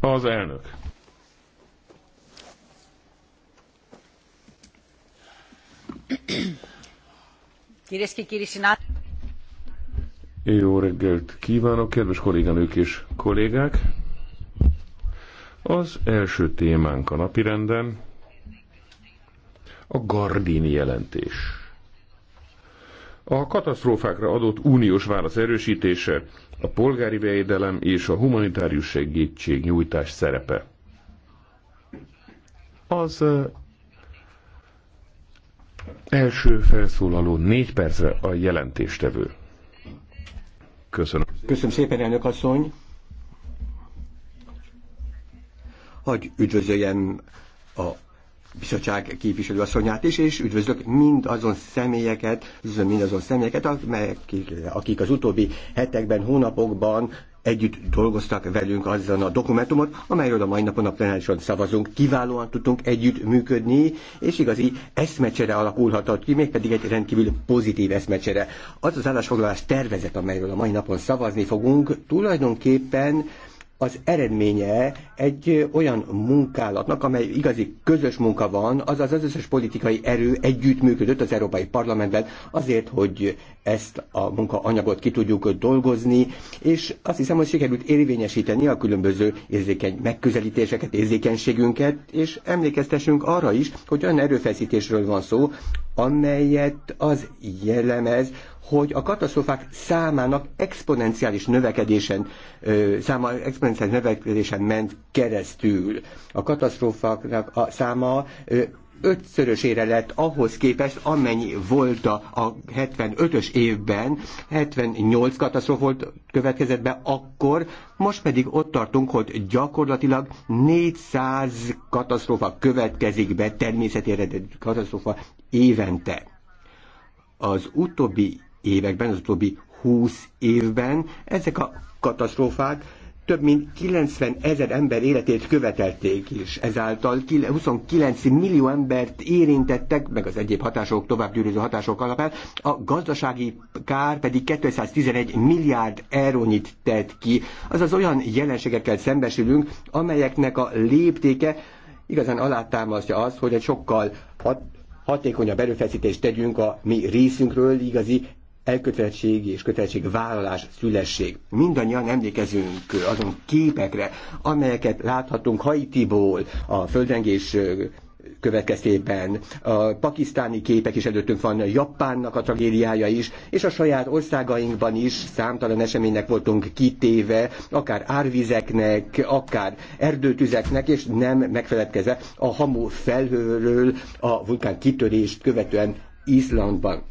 Az elnök. Jó reggelt kívánok, kedves kolléganők és kollégák! Az első témánk a napirenden a Gardini jelentés. A katasztrófákra adott uniós válasz erősítése, a polgári védelem és a humanitárius segítség nyújtás szerepe. Az első felszólaló négy percre a jelentéstevő. Köszönöm. Köszönöm szépen, elnök asszony. Hogy üdvözöljem a bizottság asszonyát is, és üdvözlök mind azon személyeket, üdvözlök mind azon személyeket, akik, akik az utóbbi hetekben, hónapokban együtt dolgoztak velünk azzal a dokumentumot, amelyről a mai napon a plenárison szavazunk. Kiválóan tudtunk együtt működni, és igazi eszmecsere alakulhatott ki, mégpedig egy rendkívül pozitív eszmecsere. Az az állásfoglalás tervezet, amelyről a mai napon szavazni fogunk, tulajdonképpen az eredménye egy olyan munkálatnak, amely igazi közös munka van, azaz az összes politikai erő együttműködött az Európai Parlamentben azért, hogy ezt a munkaanyagot ki tudjuk dolgozni, és azt hiszem, hogy sikerült érvényesíteni a különböző érzékeny megközelítéseket, érzékenységünket, és emlékeztessünk arra is, hogy olyan erőfeszítésről van szó, amelyet az jellemez, hogy a katasztrófák számának exponenciális növekedésen, száma exponenciális növekedésen ment keresztül. A katasztrófáknak a száma ötszörösére lett ahhoz képest, amennyi volt a 75-ös évben, 78 katasztróf volt következett be akkor, most pedig ott tartunk, hogy gyakorlatilag 400 katasztrófa következik be, természeti eredetű katasztrófa évente. Az utóbbi években, az utóbbi 20 évben ezek a katasztrófák több mint 90 ezer ember életét követelték, és ezáltal 29 millió embert érintettek, meg az egyéb hatások, tovább gyűrűző hatások alapján, a gazdasági kár pedig 211 milliárd eurónyit tett ki. Azaz olyan jelenségekkel szembesülünk, amelyeknek a léptéke igazán alátámasztja azt, hogy egy sokkal hat hatékonyabb erőfeszítést tegyünk a mi részünkről, igazi elkötelezettség és kötelezettségvállalás szülesség. Mindannyian emlékezünk azon képekre, amelyeket láthatunk Haitiból, a földrengés következtében. A pakisztáni képek is előttünk van, a Japánnak a tragédiája is, és a saját országainkban is számtalan eseménynek voltunk kitéve, akár árvizeknek, akár erdőtüzeknek, és nem megfeledkezve a hamu felhőről a vulkán kitörést követően Izlandban.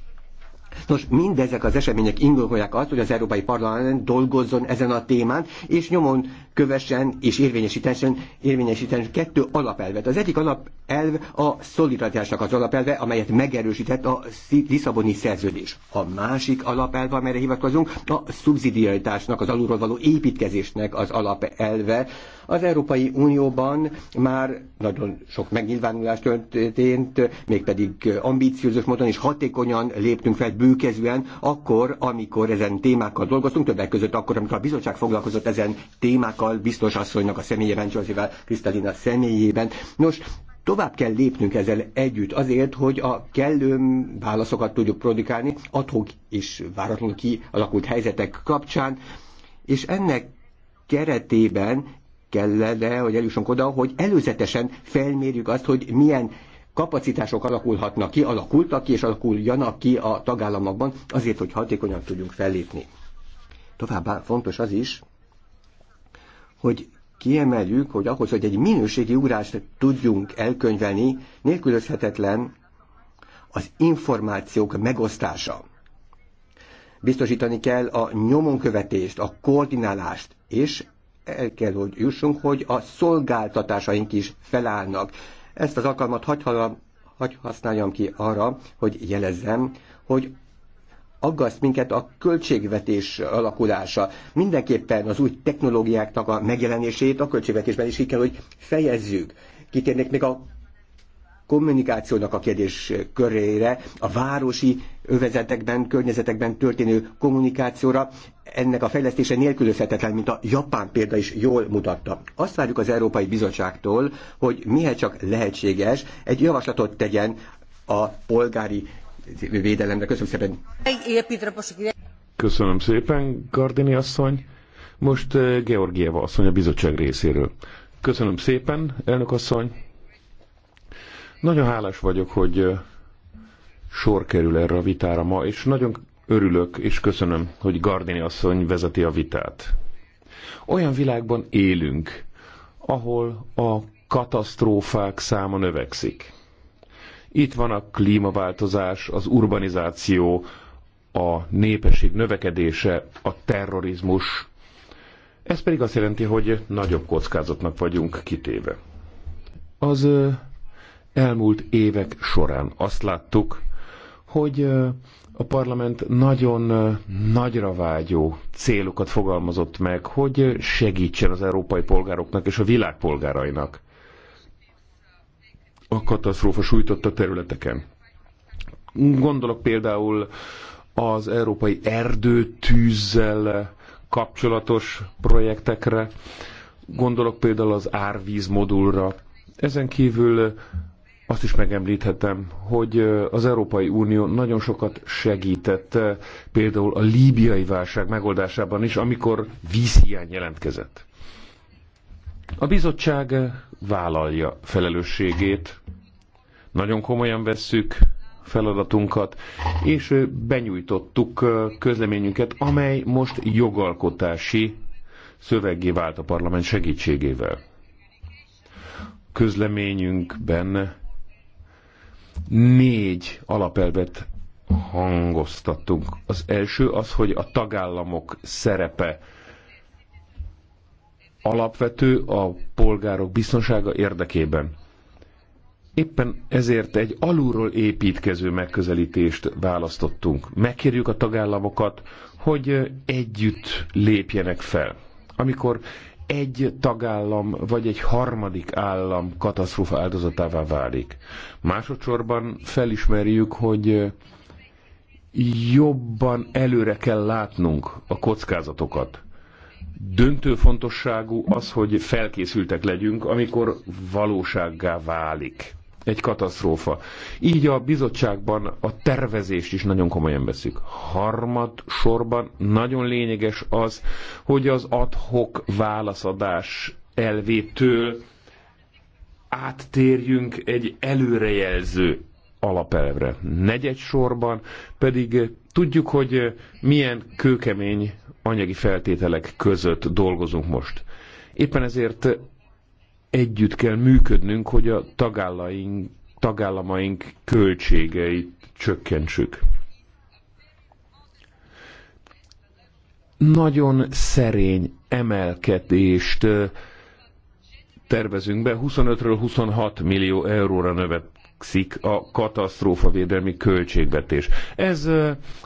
Nos, mindezek az események indokolják azt, hogy az Európai Parlament dolgozzon ezen a témán, és nyomon kövessen és érvényesítessen, érvényesítessen kettő alapelvet. Az egyik alapelv a szolidaritásnak az alapelve, amelyet megerősített a Lisszaboni szerződés. A másik alapelve, amelyre hivatkozunk, a szubszidiaritásnak, az alulról való építkezésnek az alapelve, az Európai Unióban már nagyon sok megnyilvánulás történt, mégpedig ambíciózus módon és hatékonyan léptünk fel bőkezően, akkor, amikor ezen témákkal dolgoztunk, többek között akkor, amikor a bizottság foglalkozott ezen témákkal, biztos asszonynak a személyében, Csózivel Krisztalina személyében. Nos, tovább kell lépnünk ezzel együtt azért, hogy a kellő válaszokat tudjuk produkálni adhok és váratlan kialakult helyzetek kapcsán, és ennek keretében kellene, hogy eljussunk oda, hogy előzetesen felmérjük azt, hogy milyen kapacitások alakulhatnak ki, alakultak ki és alakuljanak ki a tagállamokban, azért, hogy hatékonyan tudjunk fellépni. Továbbá fontos az is, hogy kiemeljük, hogy ahhoz, hogy egy minőségi ugrást tudjunk elkönyvelni, nélkülözhetetlen az információk megosztása. Biztosítani kell a nyomonkövetést, a koordinálást, és el kell, hogy jussunk, hogy a szolgáltatásaink is felállnak. Ezt az alkalmat hagy, használjam ki arra, hogy jelezzem, hogy aggaszt minket a költségvetés alakulása. Mindenképpen az új technológiáknak a megjelenését a költségvetésben is ki kell, hogy fejezzük. Kitérnék még a kommunikációnak a kérdés körére, a városi övezetekben, környezetekben történő kommunikációra, ennek a fejlesztése nélkülözhetetlen, mint a japán példa is jól mutatta. Azt várjuk az Európai Bizottságtól, hogy mihez csak lehetséges, egy javaslatot tegyen a polgári védelemre. Köszönöm szépen. Köszönöm szépen, Gardini asszony. Most eh, Georgieva asszony a bizottság részéről. Köszönöm szépen, elnök asszony. Nagyon hálás vagyok, hogy eh, sor kerül erre a vitára ma, és nagyon örülök és köszönöm, hogy Gardini asszony vezeti a vitát. Olyan világban élünk, ahol a katasztrófák száma növekszik. Itt van a klímaváltozás, az urbanizáció, a népesség növekedése, a terrorizmus. Ez pedig azt jelenti, hogy nagyobb kockázatnak vagyunk kitéve. Az elmúlt évek során azt láttuk, hogy a parlament nagyon nagyra vágyó célokat fogalmazott meg, hogy segítsen az európai polgároknak és a világ polgárainak a katasztrófa sújtotta területeken. Gondolok például az európai erdőtűzzel kapcsolatos projektekre, gondolok például az árvízmodulra. Ezen kívül azt is megemlíthetem, hogy az Európai Unió nagyon sokat segített például a líbiai válság megoldásában is, amikor vízhiány jelentkezett. A bizottság vállalja felelősségét, nagyon komolyan vesszük feladatunkat, és benyújtottuk közleményünket, amely most jogalkotási szöveggé vált a parlament segítségével. Közleményünkben négy alapelvet hangoztattunk. Az első az, hogy a tagállamok szerepe alapvető a polgárok biztonsága érdekében. Éppen ezért egy alulról építkező megközelítést választottunk. Megkérjük a tagállamokat, hogy együtt lépjenek fel. Amikor egy tagállam vagy egy harmadik állam katasztrófa áldozatává válik. Másodszorban felismerjük, hogy jobban előre kell látnunk a kockázatokat. Döntő fontosságú az, hogy felkészültek legyünk, amikor valósággá válik egy katasztrófa. Így a bizottságban a tervezést is nagyon komolyan veszük. Harmad sorban nagyon lényeges az, hogy az adhok válaszadás elvétől áttérjünk egy előrejelző alapelvre. Negyed sorban pedig tudjuk, hogy milyen kőkemény anyagi feltételek között dolgozunk most. Éppen ezért együtt kell működnünk, hogy a tagállamaink, tagállamaink költségeit csökkentsük. Nagyon szerény emelkedést tervezünk be, 25-ről 26 millió euróra növet, növekszik a katasztrófavédelmi költségvetés. Ez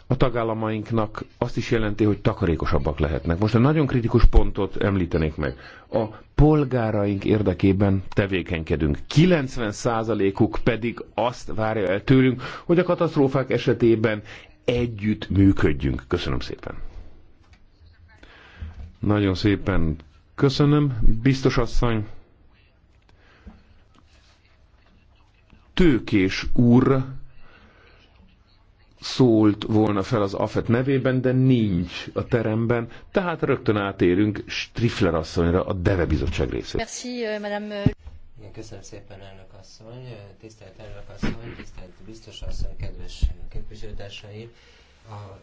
a tagállamainknak azt is jelenti, hogy takarékosabbak lehetnek. Most egy nagyon kritikus pontot említenék meg. A polgáraink érdekében tevékenykedünk. 90%-uk pedig azt várja el tőlünk, hogy a katasztrófák esetében együtt működjünk. Köszönöm szépen. Nagyon szépen köszönöm, biztos asszony. Tőkés úr szólt volna fel az AFET nevében, de nincs a teremben, tehát rögtön átérünk Strifler asszonyra a DEVE bizottság részét. Merci, euh, madame. Euh. Igen, köszönöm szépen, elnök asszony, tisztelt elnök asszony, tisztelt biztos asszony, kedves képviselőtársaim a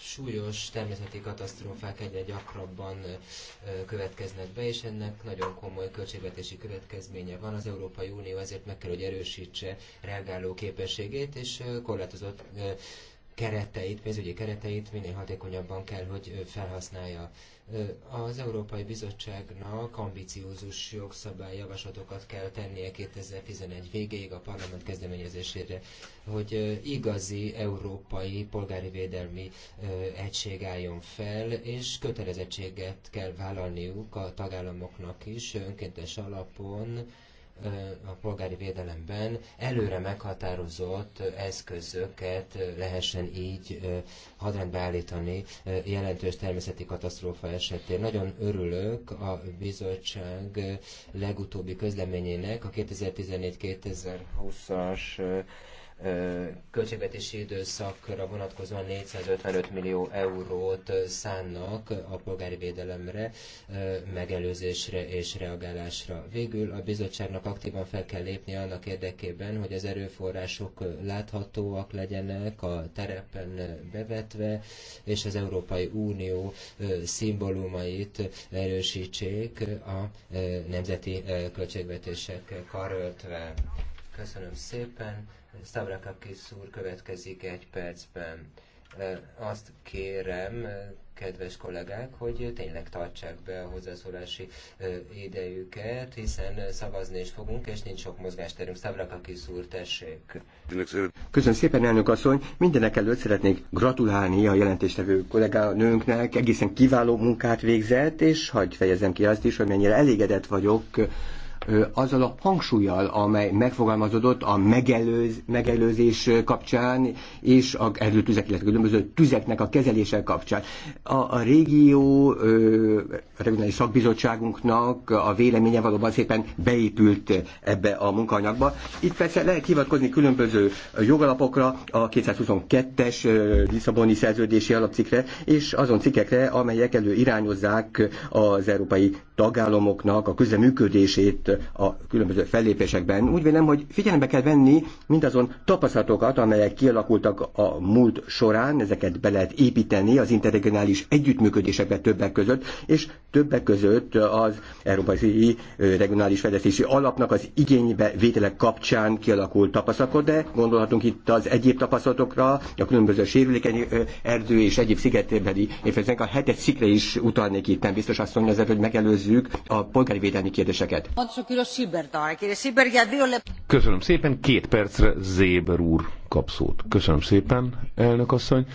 súlyos természeti katasztrófák egyre gyakrabban következnek be, és ennek nagyon komoly költségvetési következménye van. Az Európai Unió ezért meg kell, hogy erősítse reagáló képességét, és korlátozott kereteit, pénzügyi kereteit minél hatékonyabban kell, hogy felhasználja. Az Európai Bizottságnak ambiciózus jogszabályjavaslatokat kell tennie 2011 végéig a parlament kezdeményezésére, hogy igazi európai polgári védelmi egység álljon fel, és kötelezettséget kell vállalniuk a tagállamoknak is önkéntes alapon, a polgári védelemben előre meghatározott eszközöket lehessen így hadrendbe állítani jelentős természeti katasztrófa esetén. Nagyon örülök a bizottság legutóbbi közleményének, a 2014-2020-as költségvetési időszakra vonatkozóan 455 millió eurót szánnak a polgári védelemre, megelőzésre és reagálásra. Végül a bizottságnak aktívan fel kell lépni annak érdekében, hogy az erőforrások láthatóak legyenek, a terepen bevetve, és az Európai Unió szimbólumait erősítsék a nemzeti költségvetések karöltve. Köszönöm szépen! Stavrakakis úr következik egy percben. Azt kérem, kedves kollégák, hogy tényleg tartsák be a hozzászólási idejüket, hiszen szavazni is fogunk, és nincs sok mozgásterünk. Stavrakakis úr, tessék! Köszönöm szépen, elnök asszony! Mindenek előtt szeretnék gratulálni a jelentéstevő nőnknek, egészen kiváló munkát végzett, és hagyj fejezem ki azt is, hogy mennyire elégedett vagyok azzal a hangsúlyjal, amely megfogalmazódott a megelőz, megelőzés kapcsán és a erdőtüzek, illetve különböző tüzeknek a kezelése kapcsán. A, a régió ö, a regionális szakbizottságunknak a véleménye valóban szépen beépült ebbe a munkanyagba. Itt persze lehet hivatkozni különböző jogalapokra, a 222-es Lisszaboni szerződési alapcikre, és azon cikkekre, amelyek elő irányozzák az európai tagállamoknak a közleműködését a különböző fellépésekben. Úgy vélem, hogy figyelembe kell venni mindazon tapasztalatokat, amelyek kialakultak a múlt során, ezeket be lehet építeni az interregionális együttműködésekbe többek között, és többek között az Európai Regionális Fejlesztési Alapnak az igénybe vételek kapcsán kialakult tapasztalatok, de gondolhatunk itt az egyéb tapasztalatokra, a különböző sérülékeny erdő és egyéb szigetbeli évfejezőnek a hetes szikre is utalnék itt, nem biztos azt mondja, hogy megelőzzük a polgári védelmi kérdéseket. Köszönöm szépen, két percre Zéber úr kap szót. Köszönöm szépen, elnök asszony.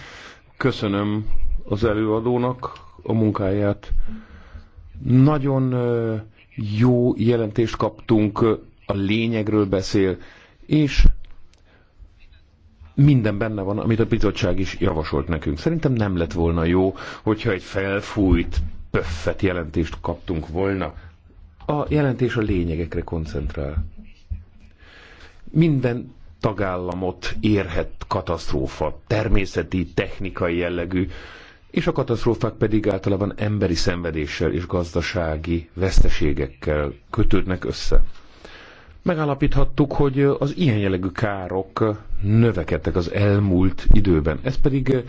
Köszönöm az előadónak a munkáját. Nagyon jó jelentést kaptunk, a lényegről beszél, és minden benne van, amit a bizottság is javasolt nekünk. Szerintem nem lett volna jó, hogyha egy felfújt pöffet jelentést kaptunk volna a jelentés a lényegekre koncentrál. Minden tagállamot érhet katasztrófa, természeti, technikai jellegű, és a katasztrófák pedig általában emberi szenvedéssel és gazdasági veszteségekkel kötődnek össze. Megállapíthattuk, hogy az ilyen jellegű károk növekedtek az elmúlt időben. Ez pedig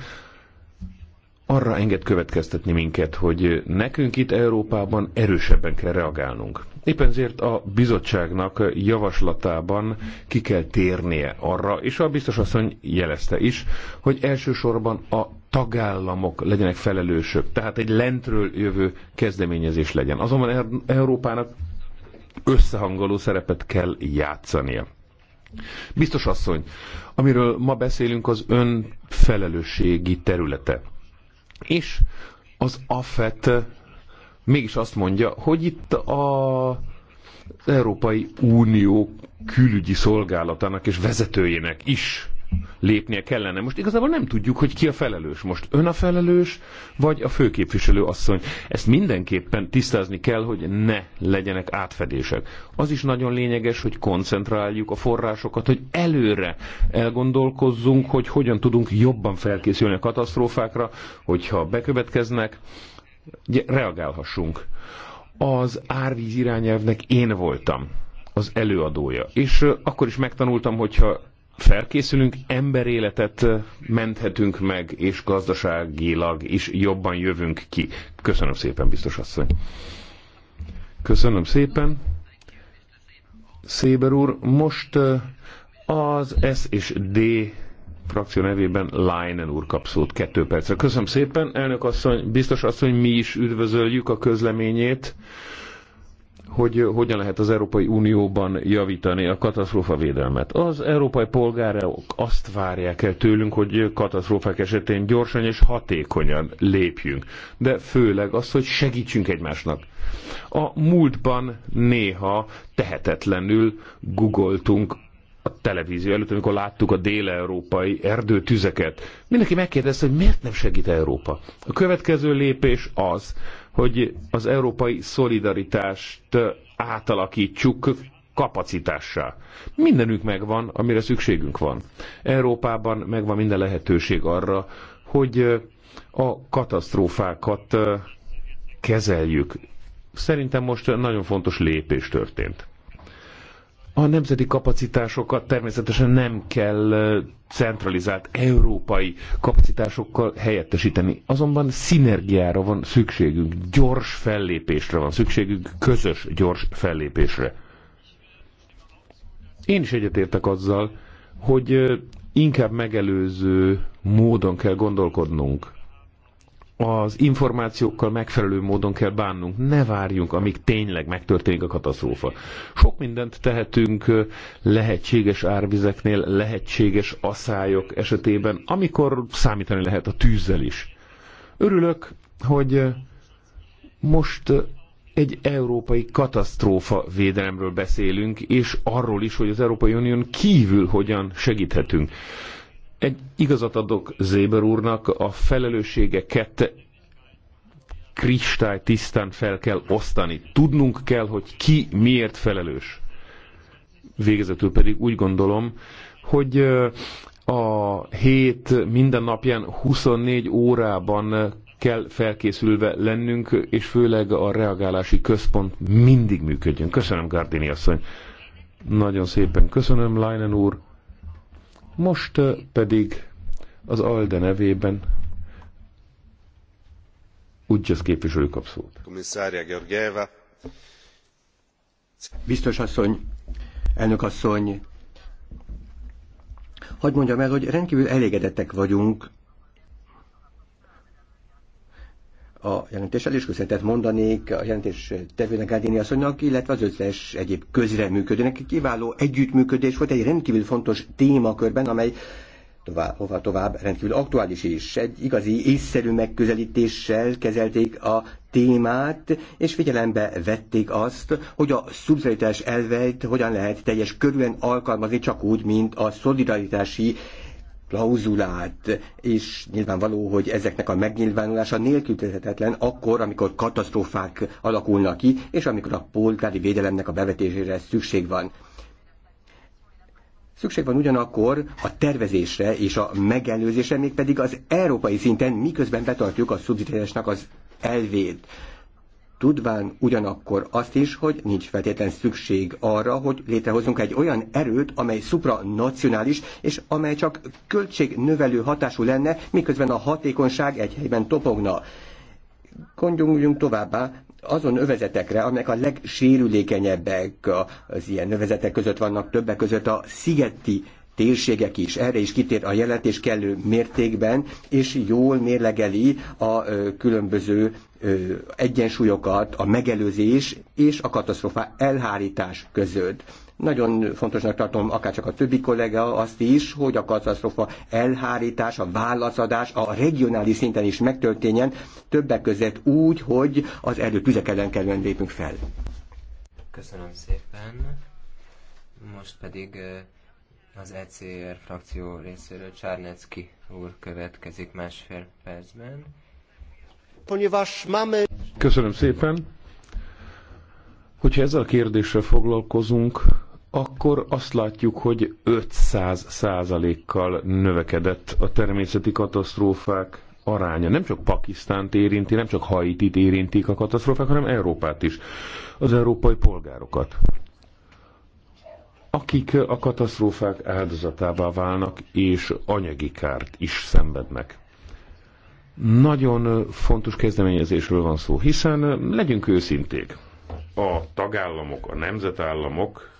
arra enged következtetni minket, hogy nekünk itt Európában erősebben kell reagálnunk. Éppen ezért a bizottságnak javaslatában ki kell térnie arra, és a biztos asszony jelezte is, hogy elsősorban a tagállamok legyenek felelősök, tehát egy lentről jövő kezdeményezés legyen. Azonban er- Európának összehangoló szerepet kell játszania. Biztos asszony, amiről ma beszélünk, az ön felelősségi területe. És az AFET mégis azt mondja, hogy itt a Európai Unió külügyi szolgálatának és vezetőjének is lépnie kellene. Most igazából nem tudjuk, hogy ki a felelős. Most ön a felelős, vagy a főképviselő asszony. Ezt mindenképpen tisztázni kell, hogy ne legyenek átfedések. Az is nagyon lényeges, hogy koncentráljuk a forrásokat, hogy előre elgondolkozzunk, hogy hogyan tudunk jobban felkészülni a katasztrófákra, hogyha bekövetkeznek, reagálhassunk. Az árvíz irányelvnek én voltam az előadója. És akkor is megtanultam, hogyha felkészülünk, emberéletet menthetünk meg, és gazdaságilag is jobban jövünk ki. Köszönöm szépen, biztos asszony. Köszönöm szépen. Széber úr, most az S és D frakció nevében Leinen úr kap szót kettő percre. Köszönöm szépen, elnök asszony, biztos asszony, mi is üdvözöljük a közleményét hogy hogyan lehet az Európai Unióban javítani a katasztrófavédelmet. Az európai polgárok azt várják el tőlünk, hogy katasztrófák esetén gyorsan és hatékonyan lépjünk, de főleg az hogy segítsünk egymásnak. A múltban néha tehetetlenül googoltunk a televízió előtt, amikor láttuk a déleurópai európai erdőtüzeket. Mindenki megkérdezte, hogy miért nem segít Európa. A következő lépés az, hogy az európai szolidaritást átalakítsuk kapacitássá. Mindenük megvan, amire szükségünk van. Európában megvan minden lehetőség arra, hogy a katasztrófákat kezeljük. Szerintem most nagyon fontos lépés történt. A nemzeti kapacitásokat természetesen nem kell centralizált európai kapacitásokkal helyettesíteni. Azonban szinergiára van szükségünk, gyors fellépésre van szükségünk, közös gyors fellépésre. Én is egyetértek azzal, hogy inkább megelőző módon kell gondolkodnunk az információkkal megfelelő módon kell bánnunk. Ne várjunk, amíg tényleg megtörténik a katasztrófa. Sok mindent tehetünk lehetséges árvizeknél, lehetséges aszályok esetében, amikor számítani lehet a tűzzel is. Örülök, hogy most egy európai katasztrófa védelemről beszélünk, és arról is, hogy az Európai Unión kívül hogyan segíthetünk. Egy igazat adok Zéber úrnak, a felelősségeket kristály tisztán fel kell osztani. Tudnunk kell, hogy ki miért felelős. Végezetül pedig úgy gondolom, hogy a hét minden napján 24 órában kell felkészülve lennünk, és főleg a reagálási központ mindig működjön. Köszönöm, Gardini asszony. Nagyon szépen köszönöm, Leinen úr. Most pedig az ALDE nevében képviselők képviselő kap szót. Biztos asszony, elnök asszony, hadd mondjam el, hogy rendkívül elégedettek vagyunk a jelentéssel, és köszöntet mondanék a jelentés tevőnek Gádini asszonynak, illetve az összes egyéb közreműködőnek. Kiváló együttműködés volt egy rendkívül fontos témakörben, amely tovább, hova tovább rendkívül aktuális is. Egy igazi észszerű megközelítéssel kezelték a témát, és figyelembe vették azt, hogy a szubszidaritás elveit hogyan lehet teljes körülön alkalmazni, csak úgy, mint a szolidaritási klauzulát, és nyilvánvaló, hogy ezeknek a megnyilvánulása nélkültethetetlen akkor, amikor katasztrófák alakulnak ki, és amikor a polgári védelemnek a bevetésére szükség van. Szükség van ugyanakkor a tervezésre és a megelőzésre, mégpedig az európai szinten, miközben betartjuk a szubszidiaritásnak az elvét tudván ugyanakkor azt is, hogy nincs feltétlen szükség arra, hogy létrehozunk egy olyan erőt, amely supranacionális, és amely csak költségnövelő hatású lenne, miközben a hatékonyság egy helyben topogna. Gondoljunk továbbá azon övezetekre, amelyek a legsérülékenyebbek az ilyen övezetek között vannak, többek között a szigeti térségek is. Erre is kitér a jelentés kellő mértékben, és jól mérlegeli a különböző egyensúlyokat a megelőzés és a katasztrofa elhárítás között. Nagyon fontosnak tartom akárcsak a többi kollega azt is, hogy a katasztrofa elhárítás, a válaszadás a regionális szinten is megtörténjen, többek között úgy, hogy az tüzek ellen kellően lépünk fel. Köszönöm szépen. Most pedig az ECR frakció részéről Csárnecki úr következik másfél percben ponieważ mamy... Köszönöm szépen. Hogyha ezzel a kérdéssel foglalkozunk, akkor azt látjuk, hogy 500 százalékkal növekedett a természeti katasztrófák aránya. Nem csak Pakisztánt érinti, nem csak Haitit érintik a katasztrófák, hanem Európát is, az európai polgárokat. Akik a katasztrófák áldozatává válnak, és anyagi kárt is szenvednek. Nagyon fontos kezdeményezésről van szó, hiszen legyünk őszinték. A tagállamok, a nemzetállamok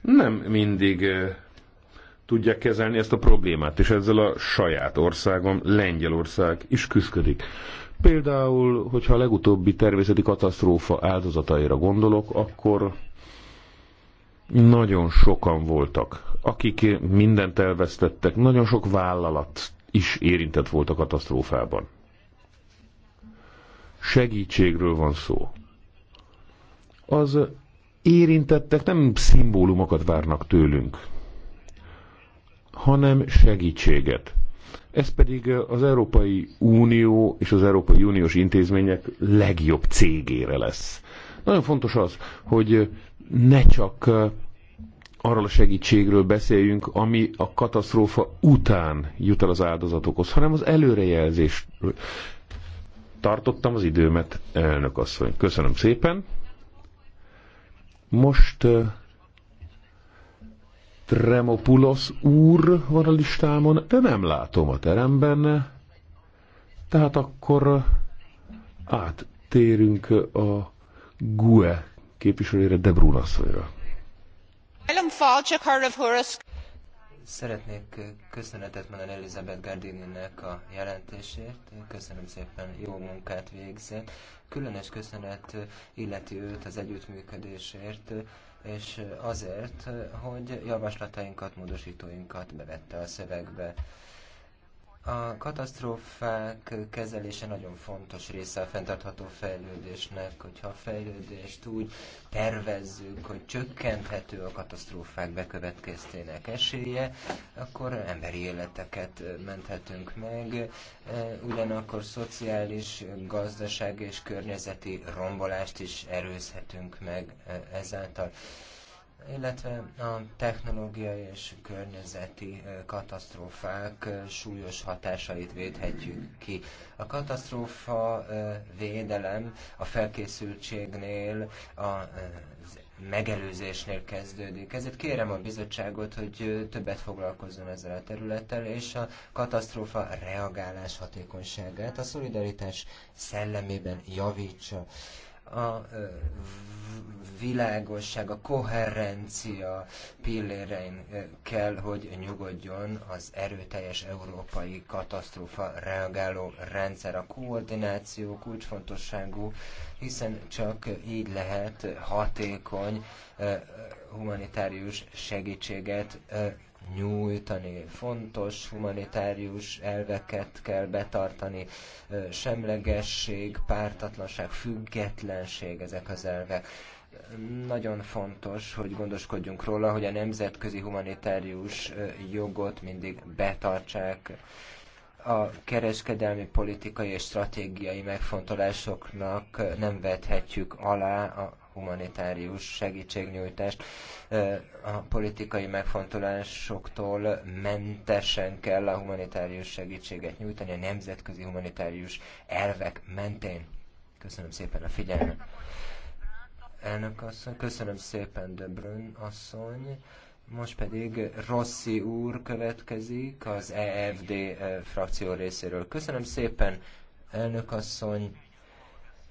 nem mindig tudják kezelni ezt a problémát, és ezzel a saját országom, Lengyelország is küzdik. Például, hogyha a legutóbbi természeti katasztrófa áldozataira gondolok, akkor nagyon sokan voltak, akik mindent elvesztettek, nagyon sok vállalat is érintett volt a katasztrófában. Segítségről van szó. Az érintettek nem szimbólumokat várnak tőlünk, hanem segítséget. Ez pedig az Európai Unió és az Európai Uniós intézmények legjobb cégére lesz. Nagyon fontos az, hogy ne csak arról a segítségről beszéljünk, ami a katasztrófa után jut el az áldozatokhoz, hanem az előrejelzés. Tartottam az időmet, elnök asszony. Köszönöm szépen. Most uh, Tremopulos úr van a listámon, de nem látom a teremben. Tehát akkor áttérünk a GUE képviselőre, Debrun asszonyra. Szeretnék köszönetet mondani Elizabeth Gardininek a jelentésért. Köszönöm szépen, jó munkát végzett. Különös köszönet illeti őt az együttműködésért, és azért, hogy javaslatainkat, módosítóinkat bevette a szövegbe. A katasztrófák kezelése nagyon fontos része a fenntartható fejlődésnek, hogyha a fejlődést úgy tervezzük, hogy csökkenthető a katasztrófák bekövetkeztének esélye, akkor emberi életeket menthetünk meg, ugyanakkor szociális, gazdasági és környezeti rombolást is erőzhetünk meg ezáltal illetve a technológiai és környezeti katasztrófák súlyos hatásait védhetjük ki. A katasztrófa védelem a felkészültségnél, a megelőzésnél kezdődik. Ezért kérem a bizottságot, hogy többet foglalkozzon ezzel a területtel, és a katasztrófa reagálás hatékonyságát a szolidaritás szellemében javítsa a világosság, a koherencia pillérein kell, hogy nyugodjon az erőteljes európai katasztrófa reagáló rendszer. A koordináció kulcsfontosságú, hiszen csak így lehet hatékony humanitárius segítséget nyújtani. Fontos humanitárius elveket kell betartani, semlegesség, pártatlanság, függetlenség ezek az elvek. Nagyon fontos, hogy gondoskodjunk róla, hogy a nemzetközi humanitárius jogot mindig betartsák a kereskedelmi, politikai és stratégiai megfontolásoknak nem vethetjük alá a humanitárius segítségnyújtást a politikai megfontolásoktól mentesen kell a humanitárius segítséget nyújtani a nemzetközi humanitárius elvek mentén. Köszönöm szépen a figyelmet. Elnök asszony, köszönöm szépen Döbrön asszony. Most pedig Rossi úr következik az EFD frakció részéről. Köszönöm szépen, elnök asszony.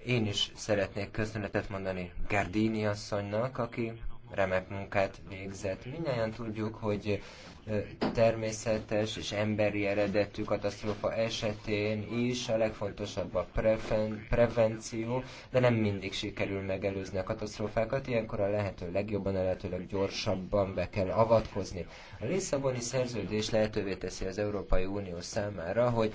Én is szeretnék köszönetet mondani Gardini asszonynak, aki remek munkát végzett. Mindjárt tudjuk, hogy természetes és emberi eredetű katasztrófa esetén is a legfontosabb a preven- prevenció, de nem mindig sikerül megelőzni a katasztrófákat, ilyenkor a lehető legjobban, a lehető gyorsabban be kell avatkozni. A Lisszaboni szerződés lehetővé teszi az Európai Unió számára, hogy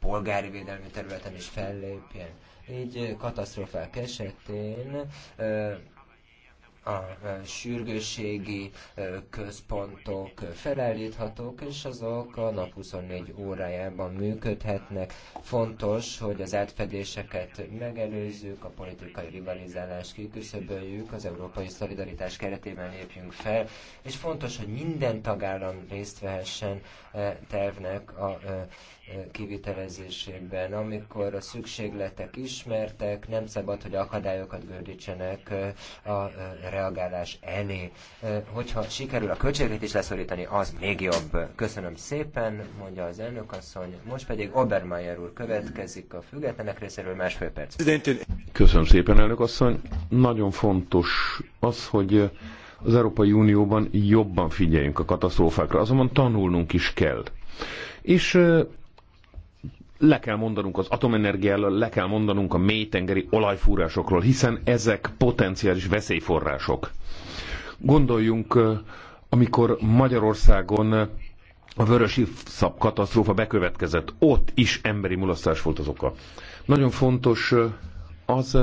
polgári védelmi területen is fellépjen így katasztrofák esetén a sürgősségi központok felállíthatók, és azok a nap 24 órájában működhetnek. Fontos, hogy az átfedéseket megelőzzük, a politikai rivalizálást kiküszöböljük, az európai szolidaritás keretében lépjünk fel, és fontos, hogy minden tagállam részt vehessen tervnek a kivitelezésében. Amikor a szükségletek ismertek, nem szabad, hogy akadályokat gördítsenek a reagálás elé. Hogyha sikerül a is leszorítani, az még jobb. Köszönöm szépen, mondja az elnökasszony. Most pedig Obermeier úr következik a függetlenek részéről másfél perc. Köszönöm szépen, elnökasszony. Nagyon fontos az, hogy az Európai Unióban jobban figyeljünk a katasztrófákra, azonban tanulnunk is kell. És le kell mondanunk az atomenergiáról, le kell mondanunk a mélytengeri olajfúrásokról, hiszen ezek potenciális veszélyforrások. Gondoljunk, amikor Magyarországon a vörös szab katasztrófa bekövetkezett, ott is emberi mulasztás volt az oka. Nagyon fontos az,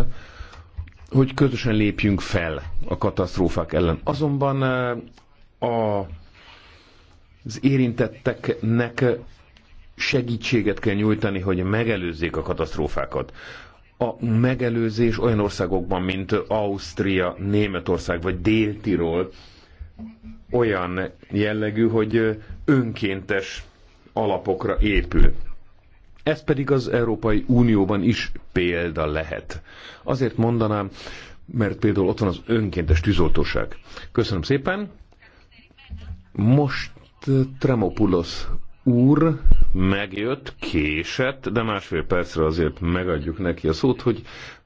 hogy közösen lépjünk fel a katasztrófák ellen. Azonban a, az érintetteknek segítséget kell nyújtani, hogy megelőzzék a katasztrófákat. A megelőzés olyan országokban, mint Ausztria, Németország vagy Dél-Tirol olyan jellegű, hogy önkéntes alapokra épül. Ez pedig az Európai Unióban is példa lehet. Azért mondanám, mert például ott van az önkéntes tűzoltóság. Köszönöm szépen. Most Tremopulos úr megjött, késett, de másfél percre azért megadjuk neki a szót, hogy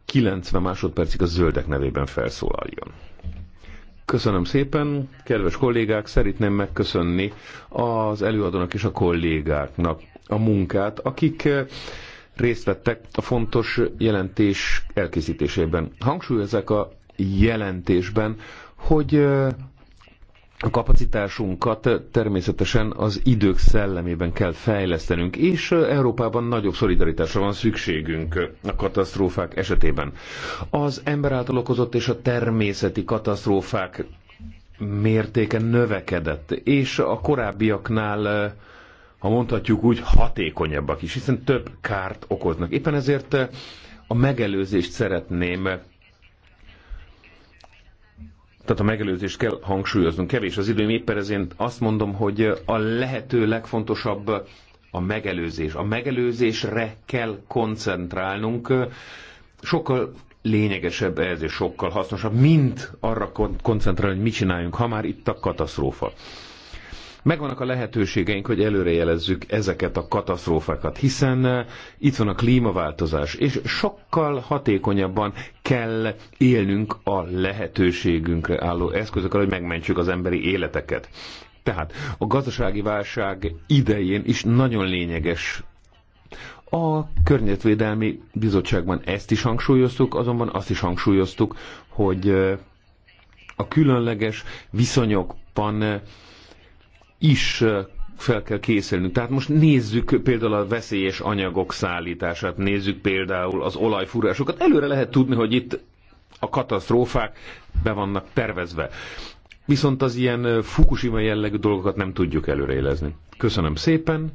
90 másodpercig a zöldek nevében felszólaljon. Köszönöm szépen, kedves kollégák, szeretném megköszönni az előadónak és a kollégáknak a munkát, akik eh, részt vettek a fontos jelentés elkészítésében. Hangsúlyozzák a jelentésben, hogy eh, a kapacitásunkat természetesen az idők szellemében kell fejlesztenünk, és Európában nagyobb szolidaritásra van szükségünk a katasztrófák esetében. Az ember által okozott és a természeti katasztrófák mértéke növekedett, és a korábbiaknál ha mondhatjuk úgy, hatékonyabbak is, hiszen több kárt okoznak. Éppen ezért a megelőzést szeretném tehát a megelőzést kell hangsúlyoznunk. Kevés az időm, éppen ezért azt mondom, hogy a lehető legfontosabb a megelőzés. A megelőzésre kell koncentrálnunk. Sokkal lényegesebb ez, és sokkal hasznosabb, mint arra koncentrálni, hogy mit csináljunk, ha már itt a katasztrófa megvannak a lehetőségeink, hogy előrejelezzük ezeket a katasztrófákat, hiszen eh, itt van a klímaváltozás, és sokkal hatékonyabban kell élnünk a lehetőségünkre álló eszközökkel, hogy megmentsük az emberi életeket. Tehát a gazdasági válság idején is nagyon lényeges a Környezetvédelmi Bizottságban ezt is hangsúlyoztuk, azonban azt is hangsúlyoztuk, hogy eh, a különleges viszonyokban eh, is fel kell készülnünk. Tehát most nézzük például a veszélyes anyagok szállítását, nézzük például az olajfúrásokat. Előre lehet tudni, hogy itt a katasztrófák be vannak tervezve. Viszont az ilyen Fukushima jellegű dolgokat nem tudjuk előrejelezni. Köszönöm szépen.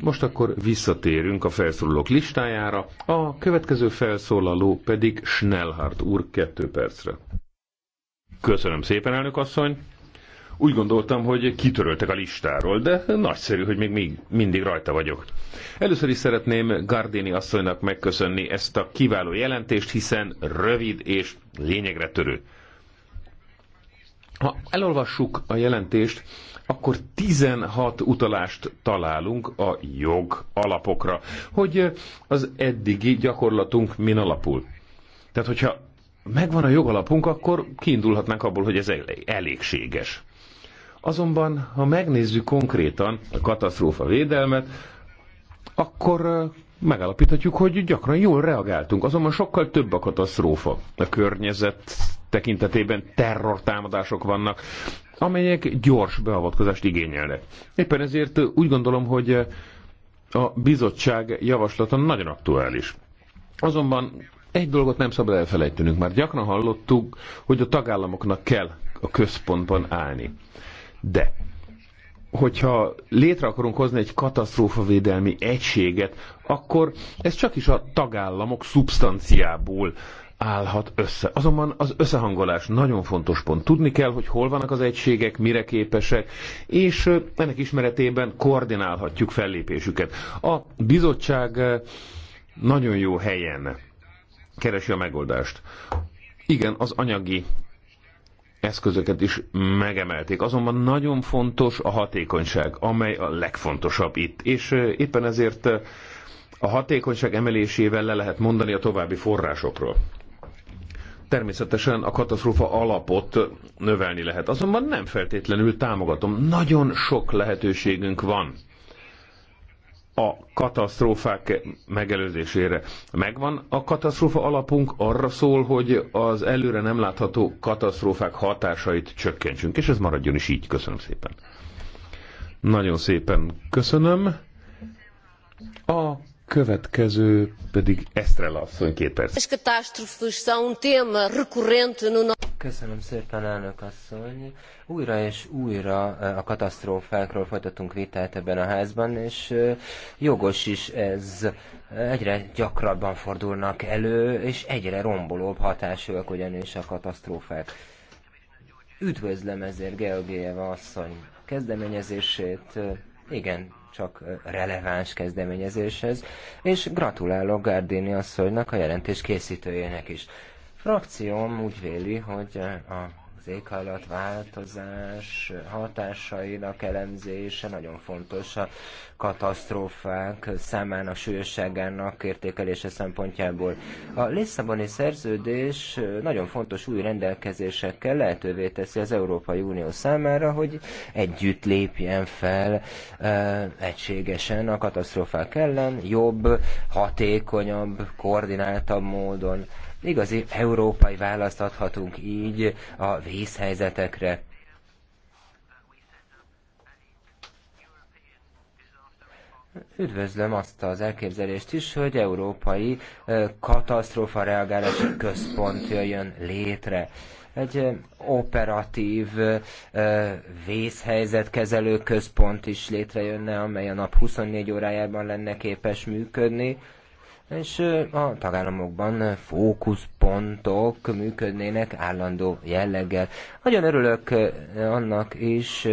Most akkor visszatérünk a felszólalók listájára. A következő felszólaló pedig Schnellhardt úr kettő percre. Köszönöm szépen, elnök asszony. Úgy gondoltam, hogy kitöröltek a listáról, de nagyszerű, hogy még, még mindig rajta vagyok. Először is szeretném Gardini asszonynak megköszönni ezt a kiváló jelentést, hiszen rövid és lényegre törő. Ha elolvassuk a jelentést, akkor 16 utalást találunk a jog alapokra, hogy az eddigi gyakorlatunk min alapul. Tehát, hogyha megvan a jogalapunk, akkor kiindulhatnánk abból, hogy ez elégséges. Azonban, ha megnézzük konkrétan a katasztrófa védelmet, akkor megállapíthatjuk, hogy gyakran jól reagáltunk. Azonban sokkal több a katasztrófa. A környezet tekintetében terrortámadások vannak, amelyek gyors beavatkozást igényelnek. Éppen ezért úgy gondolom, hogy a bizottság javaslata nagyon aktuális. Azonban egy dolgot nem szabad elfelejtenünk, már gyakran hallottuk, hogy a tagállamoknak kell a központban állni. De hogyha létre akarunk hozni egy katasztrófavédelmi egységet, akkor ez csak is a tagállamok szubstanciából állhat össze. Azonban az összehangolás nagyon fontos pont. Tudni kell, hogy hol vannak az egységek, mire képesek, és ennek ismeretében koordinálhatjuk fellépésüket. A bizottság nagyon jó helyen keresi a megoldást. Igen, az anyagi eszközöket is megemelték. Azonban nagyon fontos a hatékonyság, amely a legfontosabb itt. És éppen ezért a hatékonyság emelésével le lehet mondani a további forrásokról. Természetesen a katasztrófa alapot növelni lehet, azonban nem feltétlenül támogatom. Nagyon sok lehetőségünk van a katasztrófák megelőzésére. Megvan a katasztrófa alapunk, arra szól, hogy az előre nem látható katasztrófák hatásait csökkentsünk, és ez maradjon is így. Köszönöm szépen. Nagyon szépen köszönöm. A következő pedig Estrella asszony két perc. Köszönöm szépen, elnök asszony. Újra és újra e, a katasztrófákról folytatunk vitát ebben a házban, és e, jogos is ez. Egyre gyakrabban fordulnak elő, és egyre rombolóbb hatásúak ugyanis a katasztrófák. Üdvözlöm ezért Georgieva asszony kezdeményezését, igen, csak e, releváns kezdeményezéshez, és gratulálok Gárdini asszonynak, a jelentés készítőjének is. Frakcióm úgy véli, hogy a az éghajlatváltozás hatásainak elemzése nagyon fontos a katasztrófák számának, súlyosságának értékelése szempontjából. A Lisszaboni szerződés nagyon fontos új rendelkezésekkel lehetővé teszi az Európai Unió számára, hogy együtt lépjen fel e, egységesen a katasztrófák ellen, jobb, hatékonyabb, koordináltabb módon Igazi európai választ adhatunk így a vészhelyzetekre. Üdvözlöm azt az elképzelést is, hogy európai katasztrófa reagálási központ jöjjön létre. Egy operatív vészhelyzetkezelő központ is létrejönne, amely a nap 24 órájában lenne képes működni és a tagállamokban fókuszpontok működnének állandó jelleggel. Nagyon örülök annak is,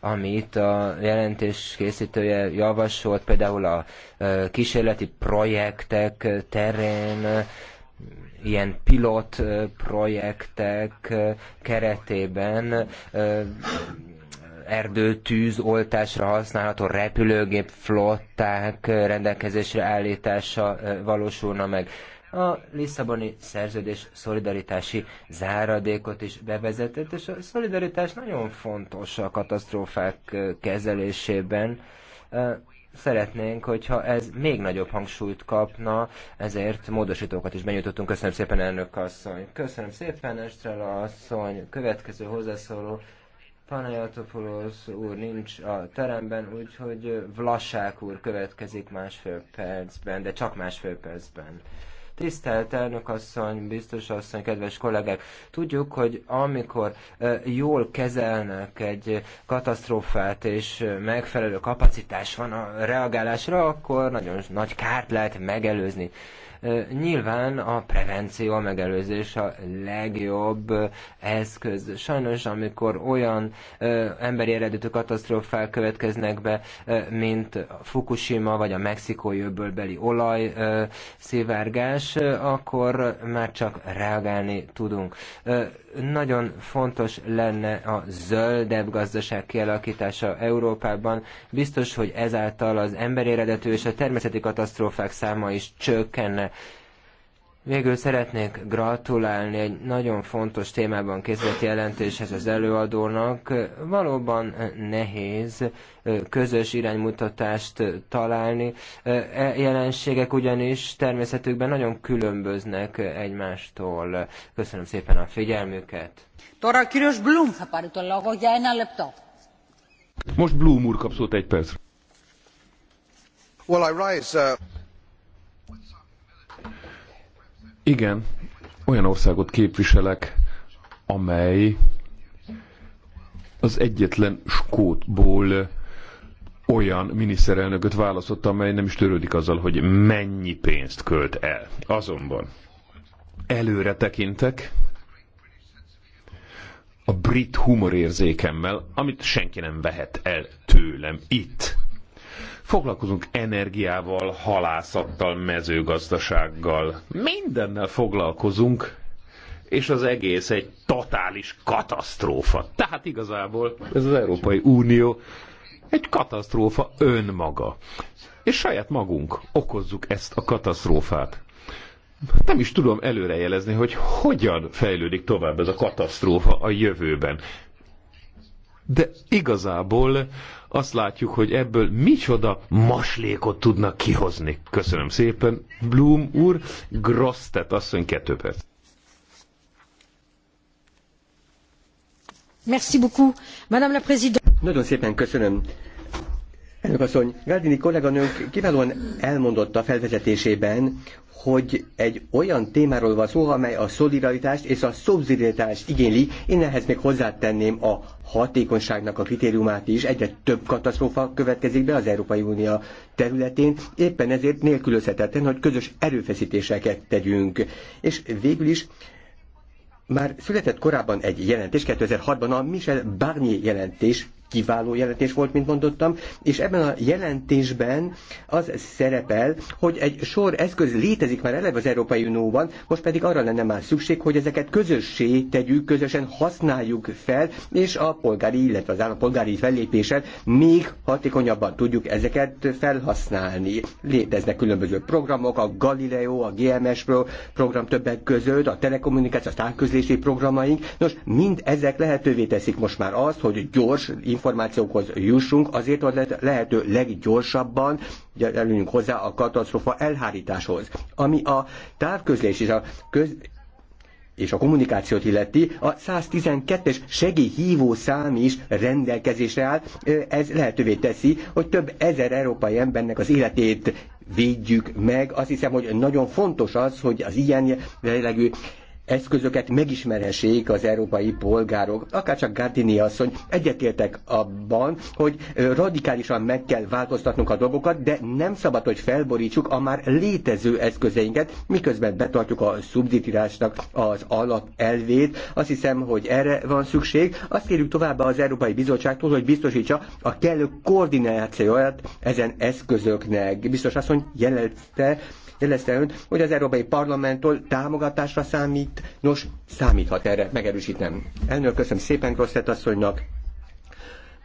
amit a jelentés készítője javasolt, például a kísérleti projektek terén, ilyen pilot projektek keretében erdőtűz oltásra használható repülőgép flották rendelkezésre állítása valósulna meg. A Lisszaboni szerződés szolidaritási záradékot is bevezetett, és a szolidaritás nagyon fontos a katasztrófák kezelésében szeretnénk, hogyha ez még nagyobb hangsúlyt kapna, ezért módosítókat is benyújtottunk. Köszönöm szépen, elnök asszony. Köszönöm szépen, Estrella asszony. Következő hozzászóló Panajotopoulos úr nincs a teremben, úgyhogy Vlasák úr következik másfél percben, de csak másfél percben. Tisztelt elnökasszony, biztos asszony, kedves kollégák! Tudjuk, hogy amikor jól kezelnek egy katasztrófát és megfelelő kapacitás van a reagálásra, akkor nagyon nagy kárt lehet megelőzni. Nyilván a prevenció, a megelőzés a legjobb eszköz. Sajnos, amikor olyan emberi eredetű katasztrófák következnek be, mint Fukushima vagy a mexikói öbölbeli olaj szivárgás, akkor már csak reagálni tudunk. Nagyon fontos lenne a zöldebb gazdaság kialakítása Európában. Biztos, hogy ezáltal az emberi eredetű és a természeti katasztrófák száma is csökkenne Végül szeretnék gratulálni egy nagyon fontos témában készített jelentéshez az előadónak. Valóban nehéz közös iránymutatást találni. E jelenségek ugyanis természetükben nagyon különböznek egymástól. Köszönöm szépen a figyelmüket. Most Bloom úr kap szót egy perc. Well, I rise, uh... Igen, olyan országot képviselek, amely az egyetlen skótból olyan miniszterelnököt választott, amely nem is törődik azzal, hogy mennyi pénzt költ el. Azonban előre tekintek a brit humorérzékemmel, amit senki nem vehet el tőlem itt. Foglalkozunk energiával, halászattal, mezőgazdasággal. Mindennel foglalkozunk, és az egész egy totális katasztrófa. Tehát igazából ez az Európai Unió egy katasztrófa önmaga. És saját magunk okozzuk ezt a katasztrófát. Nem is tudom előrejelezni, hogy hogyan fejlődik tovább ez a katasztrófa a jövőben. De igazából azt látjuk, hogy ebből micsoda maslékot tudnak kihozni. Köszönöm szépen. Bloom úr, Grosztet asszony kettő perc. Merci beaucoup, Madame la Présidente. Nagyon szépen köszönöm. Elnök asszony, Gárdini kolléganőnk kiválóan elmondotta felvezetésében, hogy egy olyan témáról van szó, amely a szolidaritást és a szobzidaritást igényli. Én ehhez még hozzátenném a hatékonyságnak a kritériumát is. Egyre több katasztrófa következik be az Európai Unió területén, éppen ezért nélkülözhetetlen, hogy közös erőfeszítéseket tegyünk. És végül is már született korábban egy jelentés, 2006-ban a Michel Barnier jelentés kiváló jelentés volt, mint mondottam, és ebben a jelentésben az szerepel, hogy egy sor eszköz létezik már eleve az Európai Unióban, most pedig arra lenne már szükség, hogy ezeket közössé tegyük, közösen használjuk fel, és a polgári, illetve az állampolgári fellépéssel még hatékonyabban tudjuk ezeket felhasználni. Léteznek különböző programok, a Galileo, a GMS program többek között, a telekommunikáció, a távközlési programaink. Nos, mind ezek lehetővé teszik most már azt, hogy gyors információkhoz jussunk, azért a lehető leggyorsabban gyerüljünk hozzá a katasztrofa elhárításhoz. Ami a távközlés és a köz és a kommunikációt illeti, a 112-es segélyhívó szám is rendelkezésre áll. Ez lehetővé teszi, hogy több ezer európai embernek az életét védjük meg. Azt hiszem, hogy nagyon fontos az, hogy az ilyen jellegű eszközöket megismerhessék az európai polgárok. csak Gardini asszony, egyetértek abban, hogy radikálisan meg kell változtatnunk a dolgokat, de nem szabad, hogy felborítsuk a már létező eszközeinket, miközben betartjuk a szubditírásnak az alapelvét. Azt hiszem, hogy erre van szükség. Azt kérjük továbbá az Európai Bizottságtól, hogy biztosítsa a kellő koordinációját ezen eszközöknek. Biztos asszony jelezte, jelezte ön, hogy az Európai Parlamenttől támogatásra számít, nos, számíthat erre, megerősítem. Elnök, köszönöm szépen Grosszett asszonynak.